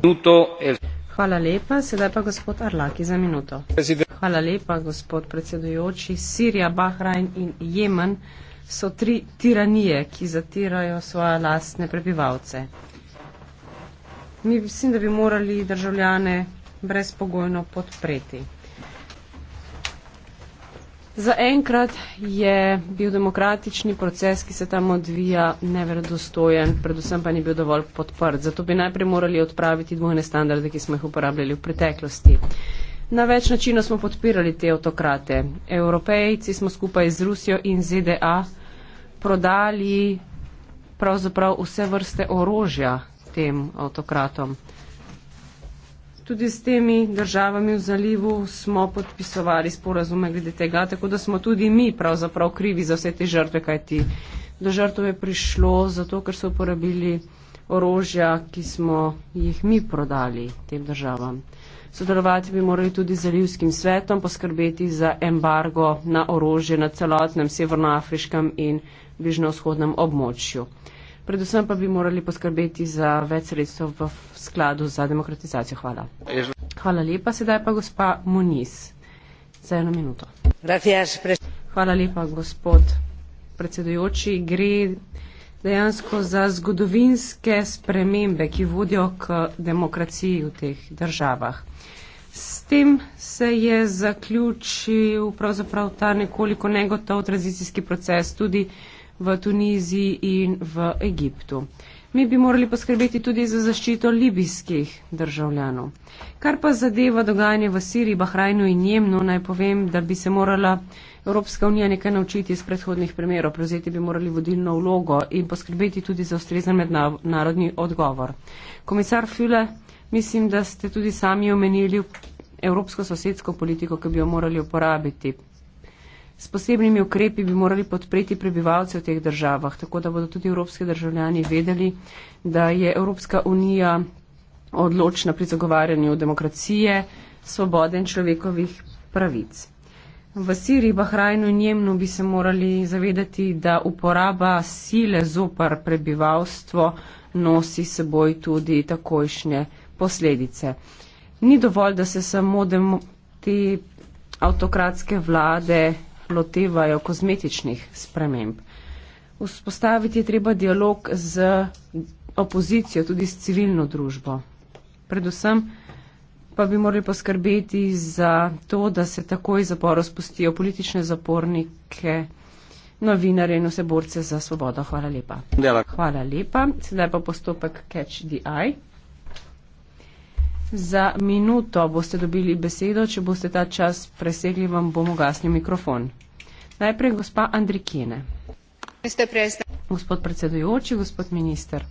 Hvala lepa. Sedaj pa gospod Arlaki za minuto. Hvala lepa, gospod predsedujoči. Sirija, Bahrajn in Jemen so tri tiranije, ki zatirajo svoje lastne prebivalce. Mi mislim, da bi morali državljane brezpogojno podpreti. Zaenkrat je bil demokratični proces, ki se tam odvija, neverodostojen, predvsem pa ni bil dovolj podprt. Zato bi najprej morali odpraviti dvojne standarde, ki smo jih uporabljali v preteklosti. Na več načinov smo podpirali te autokrate. Evropejci smo skupaj z Rusijo in ZDA prodali pravzaprav vse vrste orožja tem avtokratom tudi s temi državami v zalivu smo podpisovali sporazume glede tega, tako da smo tudi mi pravzaprav krivi za vse te žrtve, kajti do žrtve je prišlo zato, ker so uporabili orožja, ki smo jih mi prodali tem državam. Sodelovati bi morali tudi z Ljivskim svetom, poskrbeti za embargo na orožje na celotnem severnoafriškem in bližnjo vzhodnem območju predvsem pa bi morali poskrbeti za več sredstev v skladu za demokratizacijo. Hvala. Hvala lepa, sedaj pa gospa Moniz. Za eno minuto. Hvala lepa, gospod predsedujoči. Gre dejansko za zgodovinske spremembe, ki vodijo k demokraciji v teh državah. S tem se je zaključil pravzaprav ta nekoliko negotov tranzicijski proces tudi v Tuniziji in v Egiptu. Mi bi morali poskrbeti tudi za zaščito libijskih državljanov. Kar pa zadeva dogajanje v Siriji, Bahrajnu in Jemnu, naj povem, da bi se morala Evropska unija nekaj naučiti iz predhodnih primerov, prevzeti bi morali vodilno vlogo in poskrbeti tudi za ustrezen mednarodni odgovor. Komisar Füle, mislim, da ste tudi sami omenili evropsko sosedsko politiko, ki bi jo morali uporabiti. S posebnimi ukrepi bi morali podpreti prebivalce v teh državah, tako da bodo tudi evropski državljani vedeli, da je Evropska unija odločna pri zagovarjanju demokracije, svobode in človekovih pravic. V Siriji, Bahrajnu in Jemnu bi se morali zavedati, da uporaba sile zopar prebivalstvo nosi seboj tudi takojšnje posledice. Ni dovolj, da se samo te avtokratske vlade lotevajo kozmetičnih sprememb. Vzpostaviti je treba dialog z opozicijo, tudi s civilno družbo. Predvsem pa bi morali poskrbeti za to, da se takoj zaporo spustijo politične zapornike, novinare in vse borce za svobodo. Hvala lepa. Dela. Hvala lepa. Sedaj pa postopek Catch the Eye. Za minuto boste dobili besedo, če boste ta čas presegli, vam bom ugasnil mikrofon. Najprej gospa Andrikine. Gospod predsedujoči, gospod minister.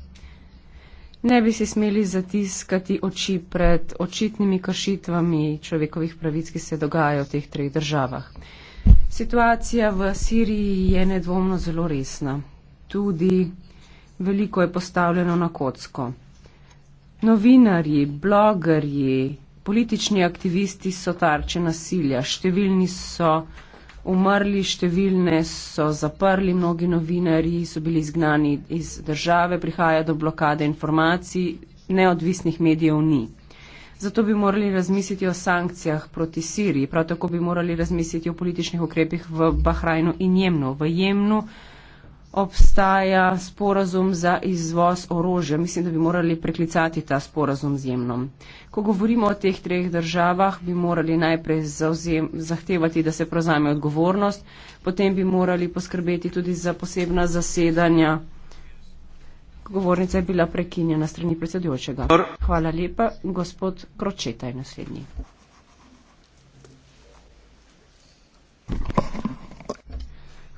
Ne bi si smeli zatiskati oči pred očitnimi kršitvami človekovih pravic, ki se dogajajo v teh treh državah. Situacija v Siriji je nedvomno zelo resna. Tudi veliko je postavljeno na kocko. Novinarji, blogerji, politični aktivisti so tarče nasilja, številni so umrli, številne so zaprli, mnogi novinarji so bili izgnani iz države, prihaja do blokade informacij, neodvisnih medijev ni. Zato bi morali razmisliti o sankcijah proti Siriji, prav tako bi morali razmisliti o političnih ukrepih v Bahrajnu in Jemnu. V Jemnu obstaja sporazum za izvoz orožja. Mislim, da bi morali preklicati ta sporazum z jemnom. Ko govorimo o teh treh državah, bi morali najprej zauzem, zahtevati, da se prozame odgovornost, potem bi morali poskrbeti tudi za posebna zasedanja. Govornica je bila prekinjena strani predsedujočega. Hvala lepa. Gospod Kročeta je naslednji.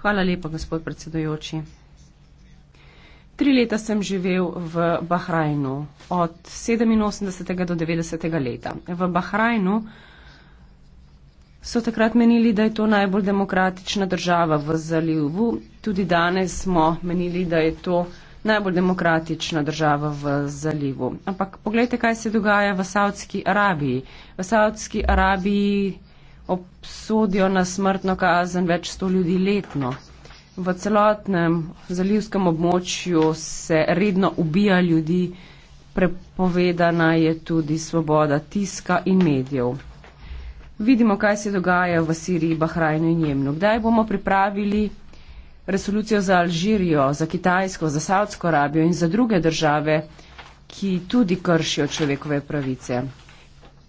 Hvala lepa, gospod predsedujoči. Tri leta sem živel v Bahrajnu, od 87. do 90. leta. V Bahrajnu so takrat menili, da je to najbolj demokratična država v zalivu. Tudi danes smo menili, da je to najbolj demokratična država v zalivu. Ampak pogledajte, kaj se dogaja v Saudski Arabiji. V Saudski Arabiji obsodijo na smrtno kazen več sto ljudi letno. V celotnem zalivskem območju se redno ubija ljudi, prepovedana je tudi svoboda tiska in medijev. Vidimo, kaj se dogaja v Siriji, Bahrajnu in Jemnu. Kdaj bomo pripravili resolucijo za Alžirijo, za Kitajsko, za Saudsko Arabijo in za druge države, ki tudi kršijo človekove pravice?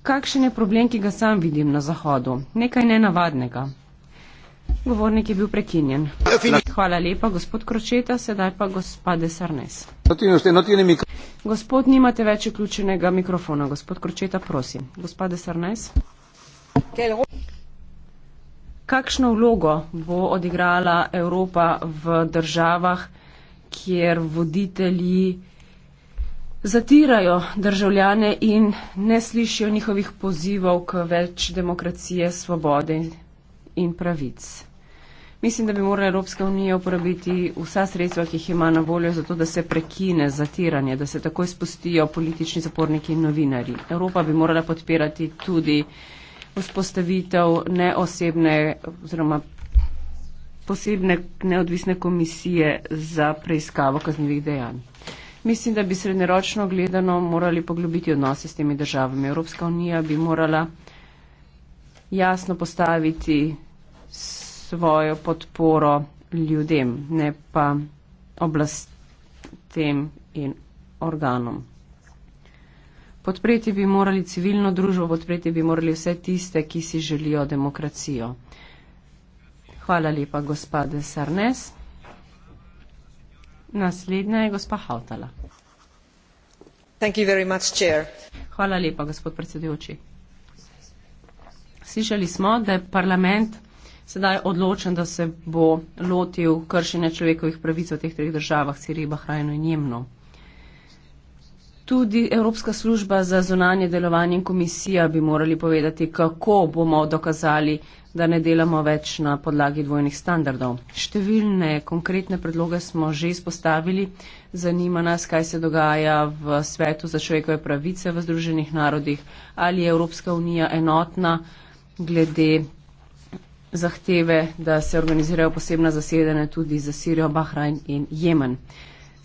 kakšen je problem, ki ga sam vidim na Zahodu? Nekaj nenavadnega. Govornik je bil prekinjen. Hvala lepa, gospod Kročeta, sedaj pa gospa Desarnes. Gospod, nimate več vključenega mikrofona. Gospod Kročeta, prosim. Gospa Desarnes. Kakšno vlogo bo odigrala Evropa v državah, kjer voditelji zatirajo državljane in ne slišijo njihovih pozivov k več demokracije, svobode in pravic. Mislim, da bi morala Evropska unija uporabiti vsa sredstva, ki jih ima na voljo, zato da se prekine zatiranje, da se takoj spustijo politični zaporniki in novinari. Evropa bi morala podpirati tudi vzpostavitev neosebne oziroma posebne neodvisne komisije za preiskavo kaznjivih dejanj. Mislim, da bi srednjeročno gledano morali poglobiti odnose s temi državami. Evropska unija bi morala jasno postaviti svojo podporo ljudem, ne pa oblastem in organom. Podpreti bi morali civilno družbo, podpreti bi morali vse tiste, ki si želijo demokracijo. Hvala lepa, gospod Sarnes. Naslednja je gospa Hautala. Hvala lepa, gospod predsedujoči. Slišali smo, da je parlament sedaj odločen, da se bo lotil kršenja človekovih pravic v teh treh državah, Siriji, Bahrajnu in Jemnu. Tudi Evropska služba za zunanje delovanje in komisija bi morali povedati, kako bomo dokazali, da ne delamo več na podlagi dvojnih standardov. Številne konkretne predloge smo že izpostavili. Zanima nas, kaj se dogaja v svetu za človekove pravice v Združenih narodih. Ali je Evropska unija enotna glede zahteve, da se organizirajo posebna zasedanja tudi za Sirijo, Bahrajn in Jemen.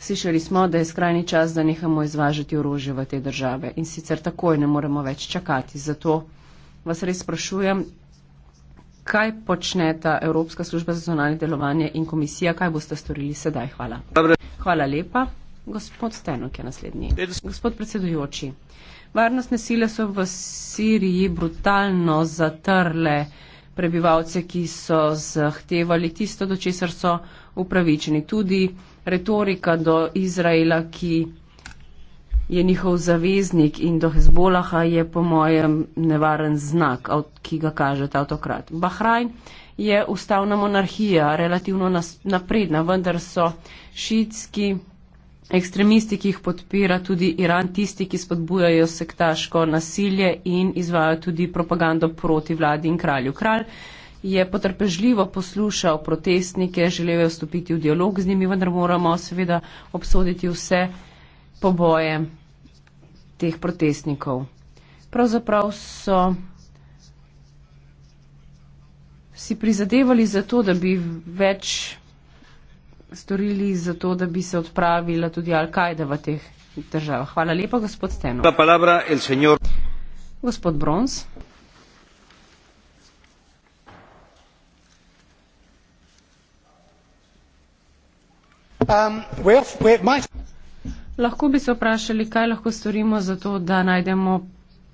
Slišali smo, da je skrajni čas, da nehamo izvažati orožje v te države in sicer takoj ne moremo več čakati. Zato vas res sprašujem, kaj počne ta Evropska služba za zonalne delovanje in komisija, kaj boste storili sedaj. Hvala. Dobre. Hvala lepa. Gospod Stenok je naslednji. Gospod predsedujoči, varnostne sile so v Siriji brutalno zatrle prebivalce, ki so zahtevali tisto, do česar so upravičeni. Tudi retorika do Izraela, ki je njihov zaveznik in do Hezbolaha je po mojem nevaren znak, ki ga kaže ta avtokrat. Bahrajn je ustavna monarhija, relativno napredna, vendar so šitski ekstremisti, ki jih podpira tudi Iran, tisti, ki spodbujajo sektaško nasilje in izvajo tudi propagando proti vladi in kralju. Kralj je potrpežljivo poslušal protestnike, želel je vstopiti v dialog z njimi, vendar moramo seveda obsoditi vse poboje teh protestnikov. Pravzaprav so si prizadevali za to, da bi več storili za to, da bi se odpravila tudi Al-Kaida v teh državah. Hvala lepa, gospod Steno. Palabra, gospod Brons. Um, we're, we're my... Lahko bi se vprašali, kaj lahko storimo za to, da najdemo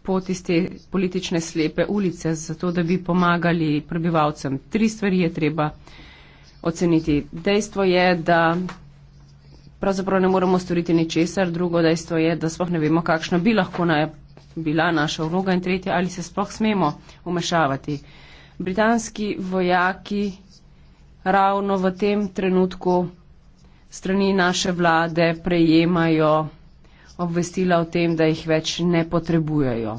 pot iz te politične slepe ulice, za to, da bi pomagali prebivalcem. Tri stvari je treba oceniti. Dejstvo je, da pravzaprav ne moremo storiti ničesar, drugo dejstvo je, da sploh ne vemo, kakšna bi lahko naj bila naša vloga in tretje, ali se sploh smemo umešavati. Britanski vojaki ravno v tem trenutku strani naše vlade prejemajo obvestila o tem, da jih več ne potrebujejo.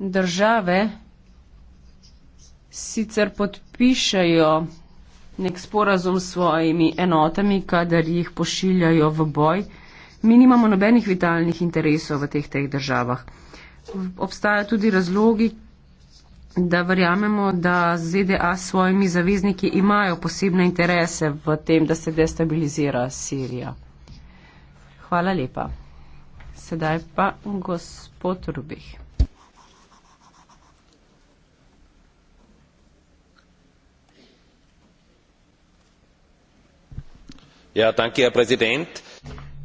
Države sicer podpišajo nek sporazum s svojimi enotami, kadar jih pošiljajo v boj. Mi nimamo nobenih vitalnih interesov v teh teh državah. Obstaja tudi razlogi, da verjamemo, da ZDA s svojimi zavezniki imajo posebne interese v tem, da se destabilizira Sirija. Hvala lepa. Sedaj pa gospod Rubih. Ja,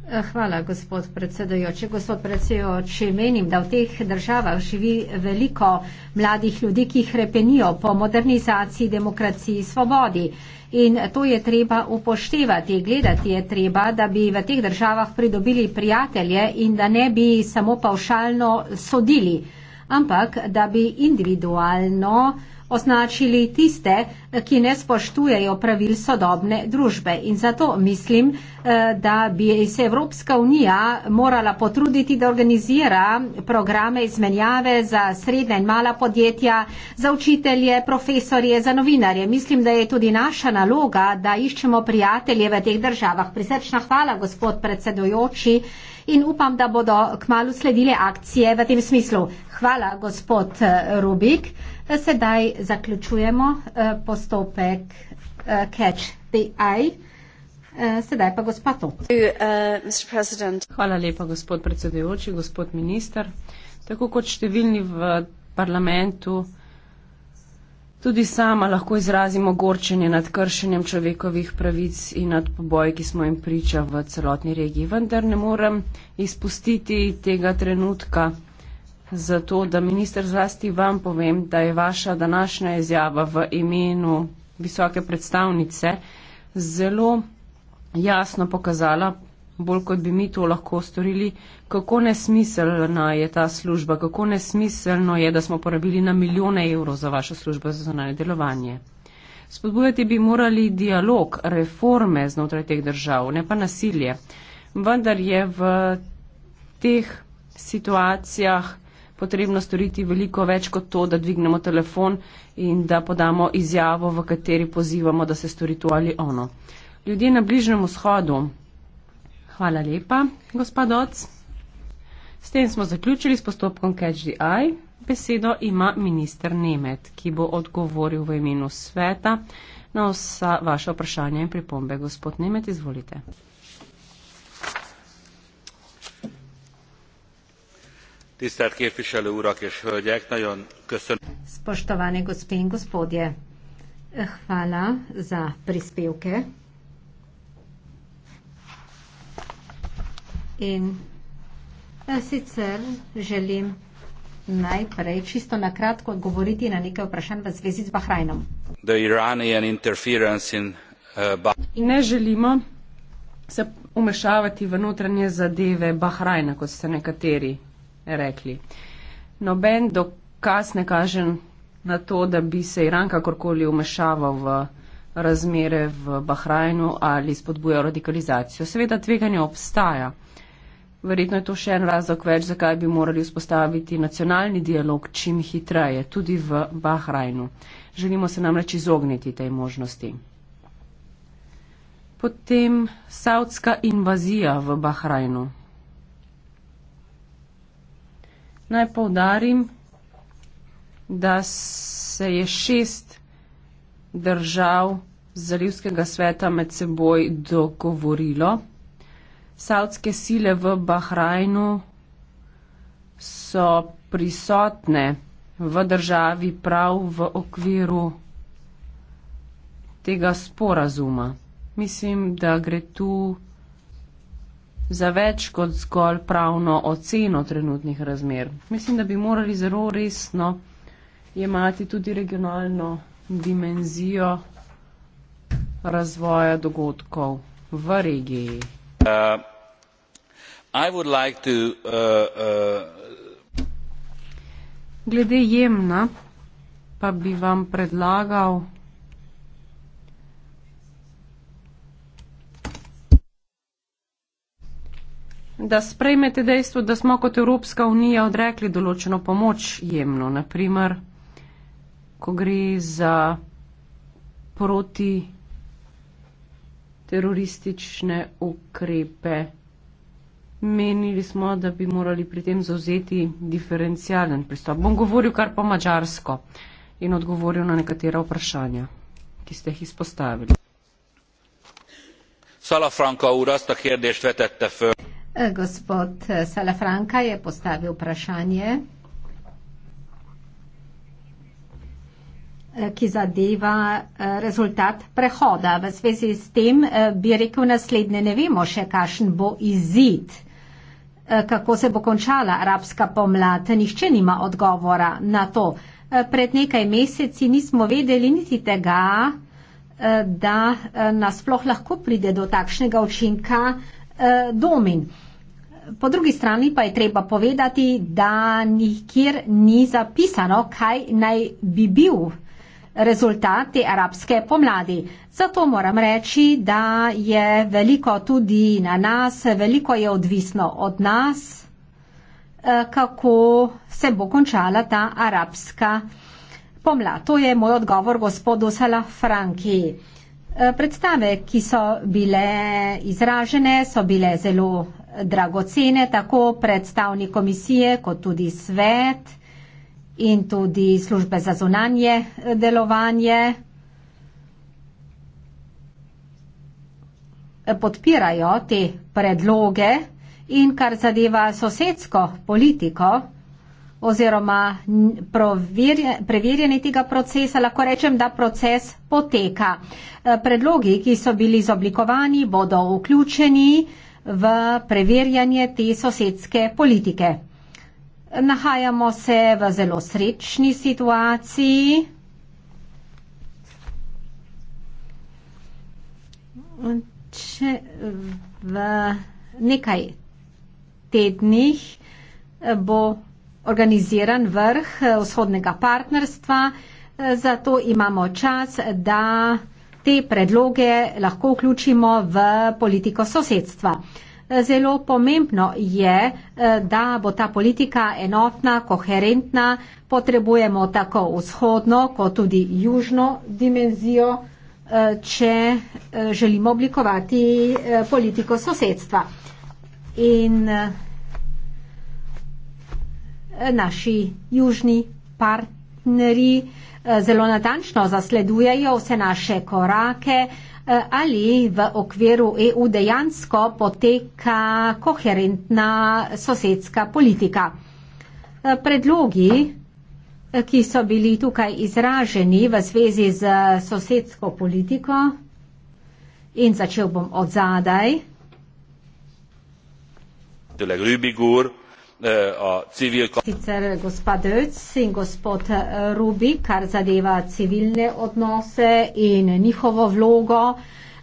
eh, hvala, gospod predsedujoči. Gospod predsedujoči, menim, da v teh državah živi veliko mladih ljudi, ki hrepenijo po modernizaciji, demokraciji, svobodi. In to je treba upoštevati. Gledati je treba, da bi v teh državah pridobili prijatelje in da ne bi samo pavšalno sodili, ampak da bi individualno označili tiste, ki ne spoštujejo pravil sodobne družbe. In zato mislim, eh, da bi se Evropska unija morala potruditi, da organizira programe izmenjave za srednja in mala podjetja, za učitelje, profesorje, za novinarje. Mislim, da je tudi naša naloga, da iščemo prijatelje v teh državah. Prisrčna hvala, gospod predsedujoči. In upam, da bodo kmalo sledile akcije v tem smislu. Hvala, gospod eh, Rubik. Sedaj zaključujemo eh, postopek eh, Catch the Eye. Eh, sedaj pa gospod Tot. Hvala lepa, gospod predsedujoči, gospod minister. Tako kot številni v parlamentu, tudi sama lahko izrazimo gorčenje nad kršenjem človekovih pravic in nad poboji, ki smo jim priča v celotni regiji. Vendar ne morem izpustiti tega trenutka zato da minister zlasti vam povem, da je vaša današnja izjava v imenu visoke predstavnice zelo jasno pokazala, bolj kot bi mi to lahko storili, kako nesmiselna je ta služba, kako nesmiselno je, da smo porabili na milijone evrov za vašo službo za zonanje delovanje. Spodbujati bi morali dialog, reforme znotraj teh držav, ne pa nasilje. Vendar je v teh situacijah potrebno storiti veliko več kot to, da dvignemo telefon in da podamo izjavo, v kateri pozivamo, da se stori to ali ono. Ljudje na Bližnem vzhodu. Hvala lepa, gospod Oc. S tem smo zaključili s postopkom Catch the Eye. Besedo ima minister Nemet, ki bo odgovoril v imenu sveta na vsa vaša vprašanja in pripombe. Gospod Nemet, izvolite. tisztelt képviselő urak és hölgyek, nagyon köszönöm. Spoštovane gospe in gospodje, hvala za prispevke. In eh, sicer želim najprej čisto na kratko odgovoriti na nekaj vprašanj v zvezi z Bahrajnom. Eh, in ne želimo se umešavati v notranje zadeve Bahrajna, kot ste nekateri rekli. Noben dokaz ne kaže na to, da bi se Iran kakorkoli vmešaval v razmere v Bahrajnu ali spodbujal radikalizacijo. Seveda tveganje obstaja. Verjetno je to še en razlog več, zakaj bi morali vzpostaviti nacionalni dialog čim hitreje, tudi v Bahrajnu. Želimo se namreč izogniti tej možnosti. Potem saudska invazija v Bahrajnu. Naj povdarim, da se je šest držav Zalivskega sveta med seboj dogovorilo. Saudske sile v Bahrajnu so prisotne v državi prav v okviru tega sporazuma. Mislim, da gre tu za več kot zgolj pravno oceno trenutnih razmer. Mislim, da bi morali zelo resno jemati tudi regionalno dimenzijo razvoja dogodkov v regiji. Uh, like to, uh, uh... Glede jemna pa bi vam predlagal da sprejmete dejstvo, da smo kot Evropska unija odrekli določeno pomoč jemno, naprimer, ko gre za proti teroristične ukrepe. Menili smo, da bi morali pri tem zauzeti diferencialen pristop. Bom govoril kar po mačarsko in odgovoril na nekatera vprašanja, ki ste jih izpostavili. Salafranka ura, sta kjer deš vetete fő. Gospod Salafranka je postavil vprašanje, ki zadeva eh, rezultat prehoda. V zvezi s tem eh, bi rekel naslednje, ne vemo še, kakšen bo izid, eh, kako se bo končala arabska pomlad. Nihče nima odgovora na to. Pred nekaj meseci nismo vedeli niti tega, da nasploh lahko pride do takšnega učinka domin. Po drugi strani pa je treba povedati, da nikjer ni zapisano, kaj naj bi bil rezultat te arabske pomladi. Zato moram reči, da je veliko tudi na nas, veliko je odvisno od nas, eh, kako se bo končala ta arabska pomlad. To je moj odgovor gospodu Salafranki. Eh, predstave, ki so bile izražene, so bile zelo dragocene, tako predstavnik komisije, kot tudi svet in tudi službe za zunanje eh, delovanje eh, podpirajo te predloge in kar zadeva sosedsko politiko oziroma preverjanje tega procesa, lahko rečem, da proces poteka. Eh, predlogi, ki so bili izoblikovani, bodo vključeni v preverjanje te sosedske politike. Nahajamo se v zelo srečni situaciji. Če v nekaj tednih bo organiziran vrh vzhodnega partnerstva, zato imamo čas, da te predloge lahko vključimo v politiko sosedstva. Zelo pomembno je, eh, da bo ta politika enotna, koherentna, potrebujemo tako vzhodno kot tudi južno dimenzijo, eh, če eh, želimo oblikovati politiko sosedstva. In naši južni part partnerji eh, zelo natančno zasledujejo vse naše korake eh, ali v okviru EU dejansko poteka koherentna sosedska politika. Eh, predlogi, ki so bili tukaj izraženi v zvezi z sosedsko politiko in začel bom od zadaj. De la Rubigur, Eh, a civil Sicer gospa Dec in gospod eh, Rubi, kar zadeva civilne odnose in njihovo vlogo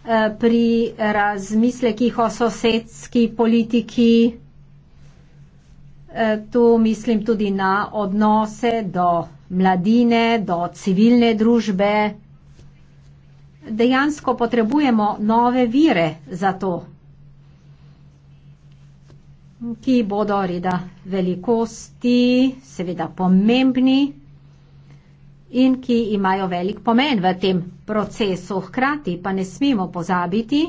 eh, pri razmislekih o sosedski politiki. Tu mislim tudi na odnose do mladine, do civilne družbe. Dejansko potrebujemo nove vire za to ki bodo reda velikosti, seveda pomembni in ki imajo velik pomen v tem procesu. Hkrati pa ne smemo pozabiti,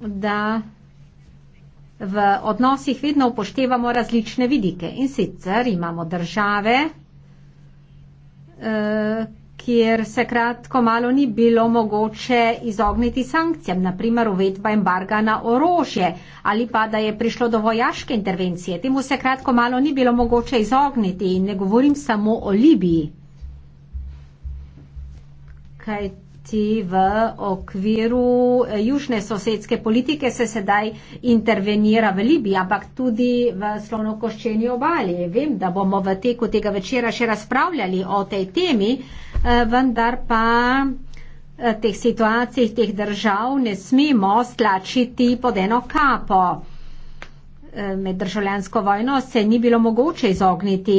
da v odnosih vedno upoštevamo različne vidike. In sicer imamo države, eh, kjer se kratko malo ni bilo mogoče izogniti sankcijam, naprimer uvedba embarga na orožje ali pa da je prišlo do vojaške intervencije. Temu se kratko malo ni bilo mogoče izogniti in ne govorim samo o Libiji. Kaj akciji v okviru eh, južne sosedske politike se sedaj intervenira v Libiji, ampak tudi v slonokoščeni obali. Vem, da bomo v teku tega večera še razpravljali o tej temi, eh, vendar pa eh, teh situacij, teh držav ne smemo slačiti pod eno kapo. Med državljansko vojno se ni bilo mogoče izogniti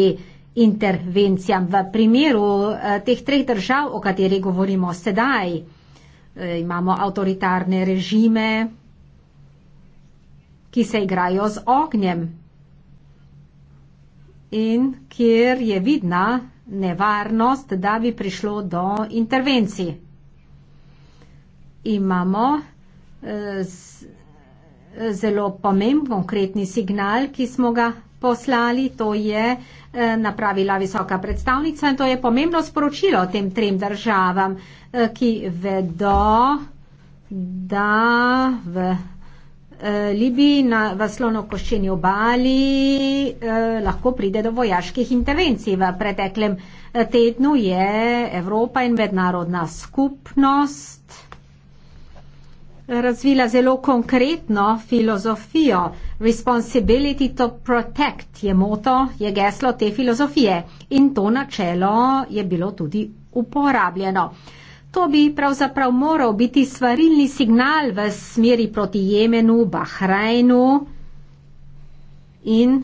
intervencijam. V primeru eh, teh treh držav, o katerih govorimo sedaj, eh, imamo avtoritarne režime, ki se igrajo z ognjem in kjer je vidna nevarnost, da bi prišlo do intervencij. Imamo eh, z, zelo pomemben konkretni signal, ki smo ga poslali, to je eh, napravila visoka predstavnica in to je pomembno sporočilo tem trem državam, eh, ki vedo, da v eh, Libiji na vaslono koščeni obali lahko pride do vojaških intervencij. V preteklem tednu je Evropa in mednarodna skupnost razvila zelo konkretno filozofijo. Responsibility to protect je moto, je geslo te filozofije in to načelo je bilo tudi uporabljeno. To bi pravzaprav moral biti svarilni signal v smeri proti Jemenu, Bahrajnu in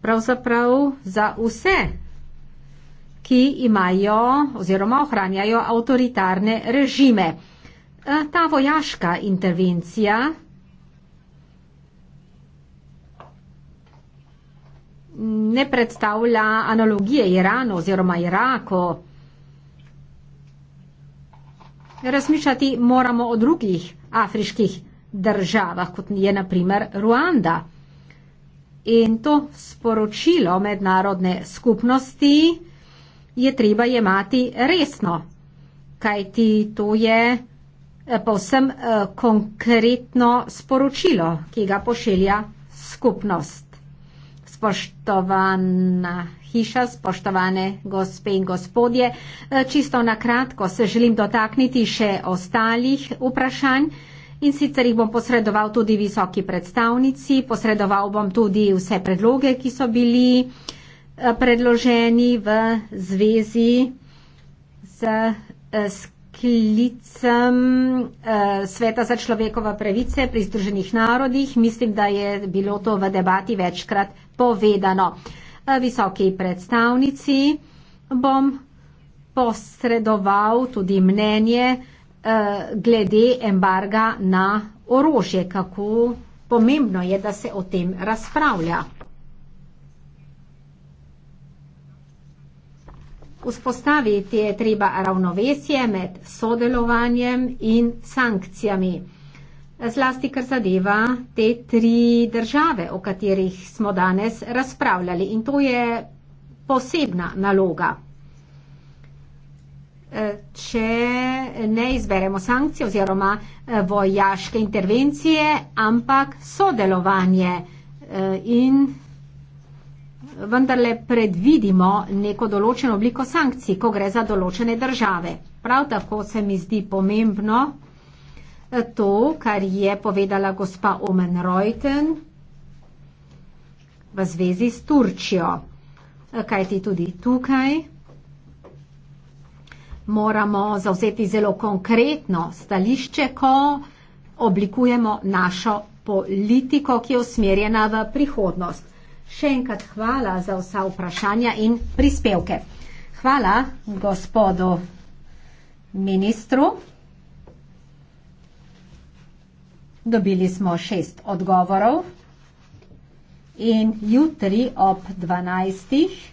pravzaprav za vse, ki imajo oziroma ohranjajo avtoritarne režime. Eh, ta vojaška intervencija ne predstavlja analogije Iranu oziroma Iraku. Razmišljati moramo o drugih afriških državah, kot je na primer Ruanda. In to sporočilo mednarodne skupnosti je treba jemati resno, kajti to je Eh, povsem eh, konkretno sporočilo, ki ga pošilja skupnost. Spoštovana hiša, spoštovane gospe in gospodje, eh, čisto na kratko se želim dotakniti še ostalih vprašanj in sicer jih bom posredoval tudi visoki predstavnici, posredoval bom tudi vse predloge, ki so bili predloženi v zvezi z skupnostjo klicem uh, eh, Sveta za človekova pravice pri Združenih narodih. Mislim, da je bilo to v debati večkrat povedano. Uh, visoki predstavnici bom posredoval tudi mnenje uh, glede embarga na orožje, kako pomembno je, da se o tem razpravlja. Vzpostaviti je treba ravnovesje med sodelovanjem in sankcijami. Zlasti, kar zadeva te tri države, o katerih smo danes razpravljali. In to je posebna naloga. E, če ne izberemo sankcije oziroma e, vojaške intervencije, ampak sodelovanje e, in vendarle predvidimo neko določeno obliko sankcij, ko gre za določene države. Prav tako se mi zdi pomembno eh, to, kar je povedala gospa Omen Reuten v zvezi s Turčijo. Eh, kajti tudi tukaj moramo zauzeti zelo konkretno stališče, ko oblikujemo našo politiko, ki je usmerjena v prihodnost. Še enkrat hvala za vsa vprašanja in prispevke. Hvala gospodu ministru. Dobili smo šest odgovorov in jutri ob dvanajstih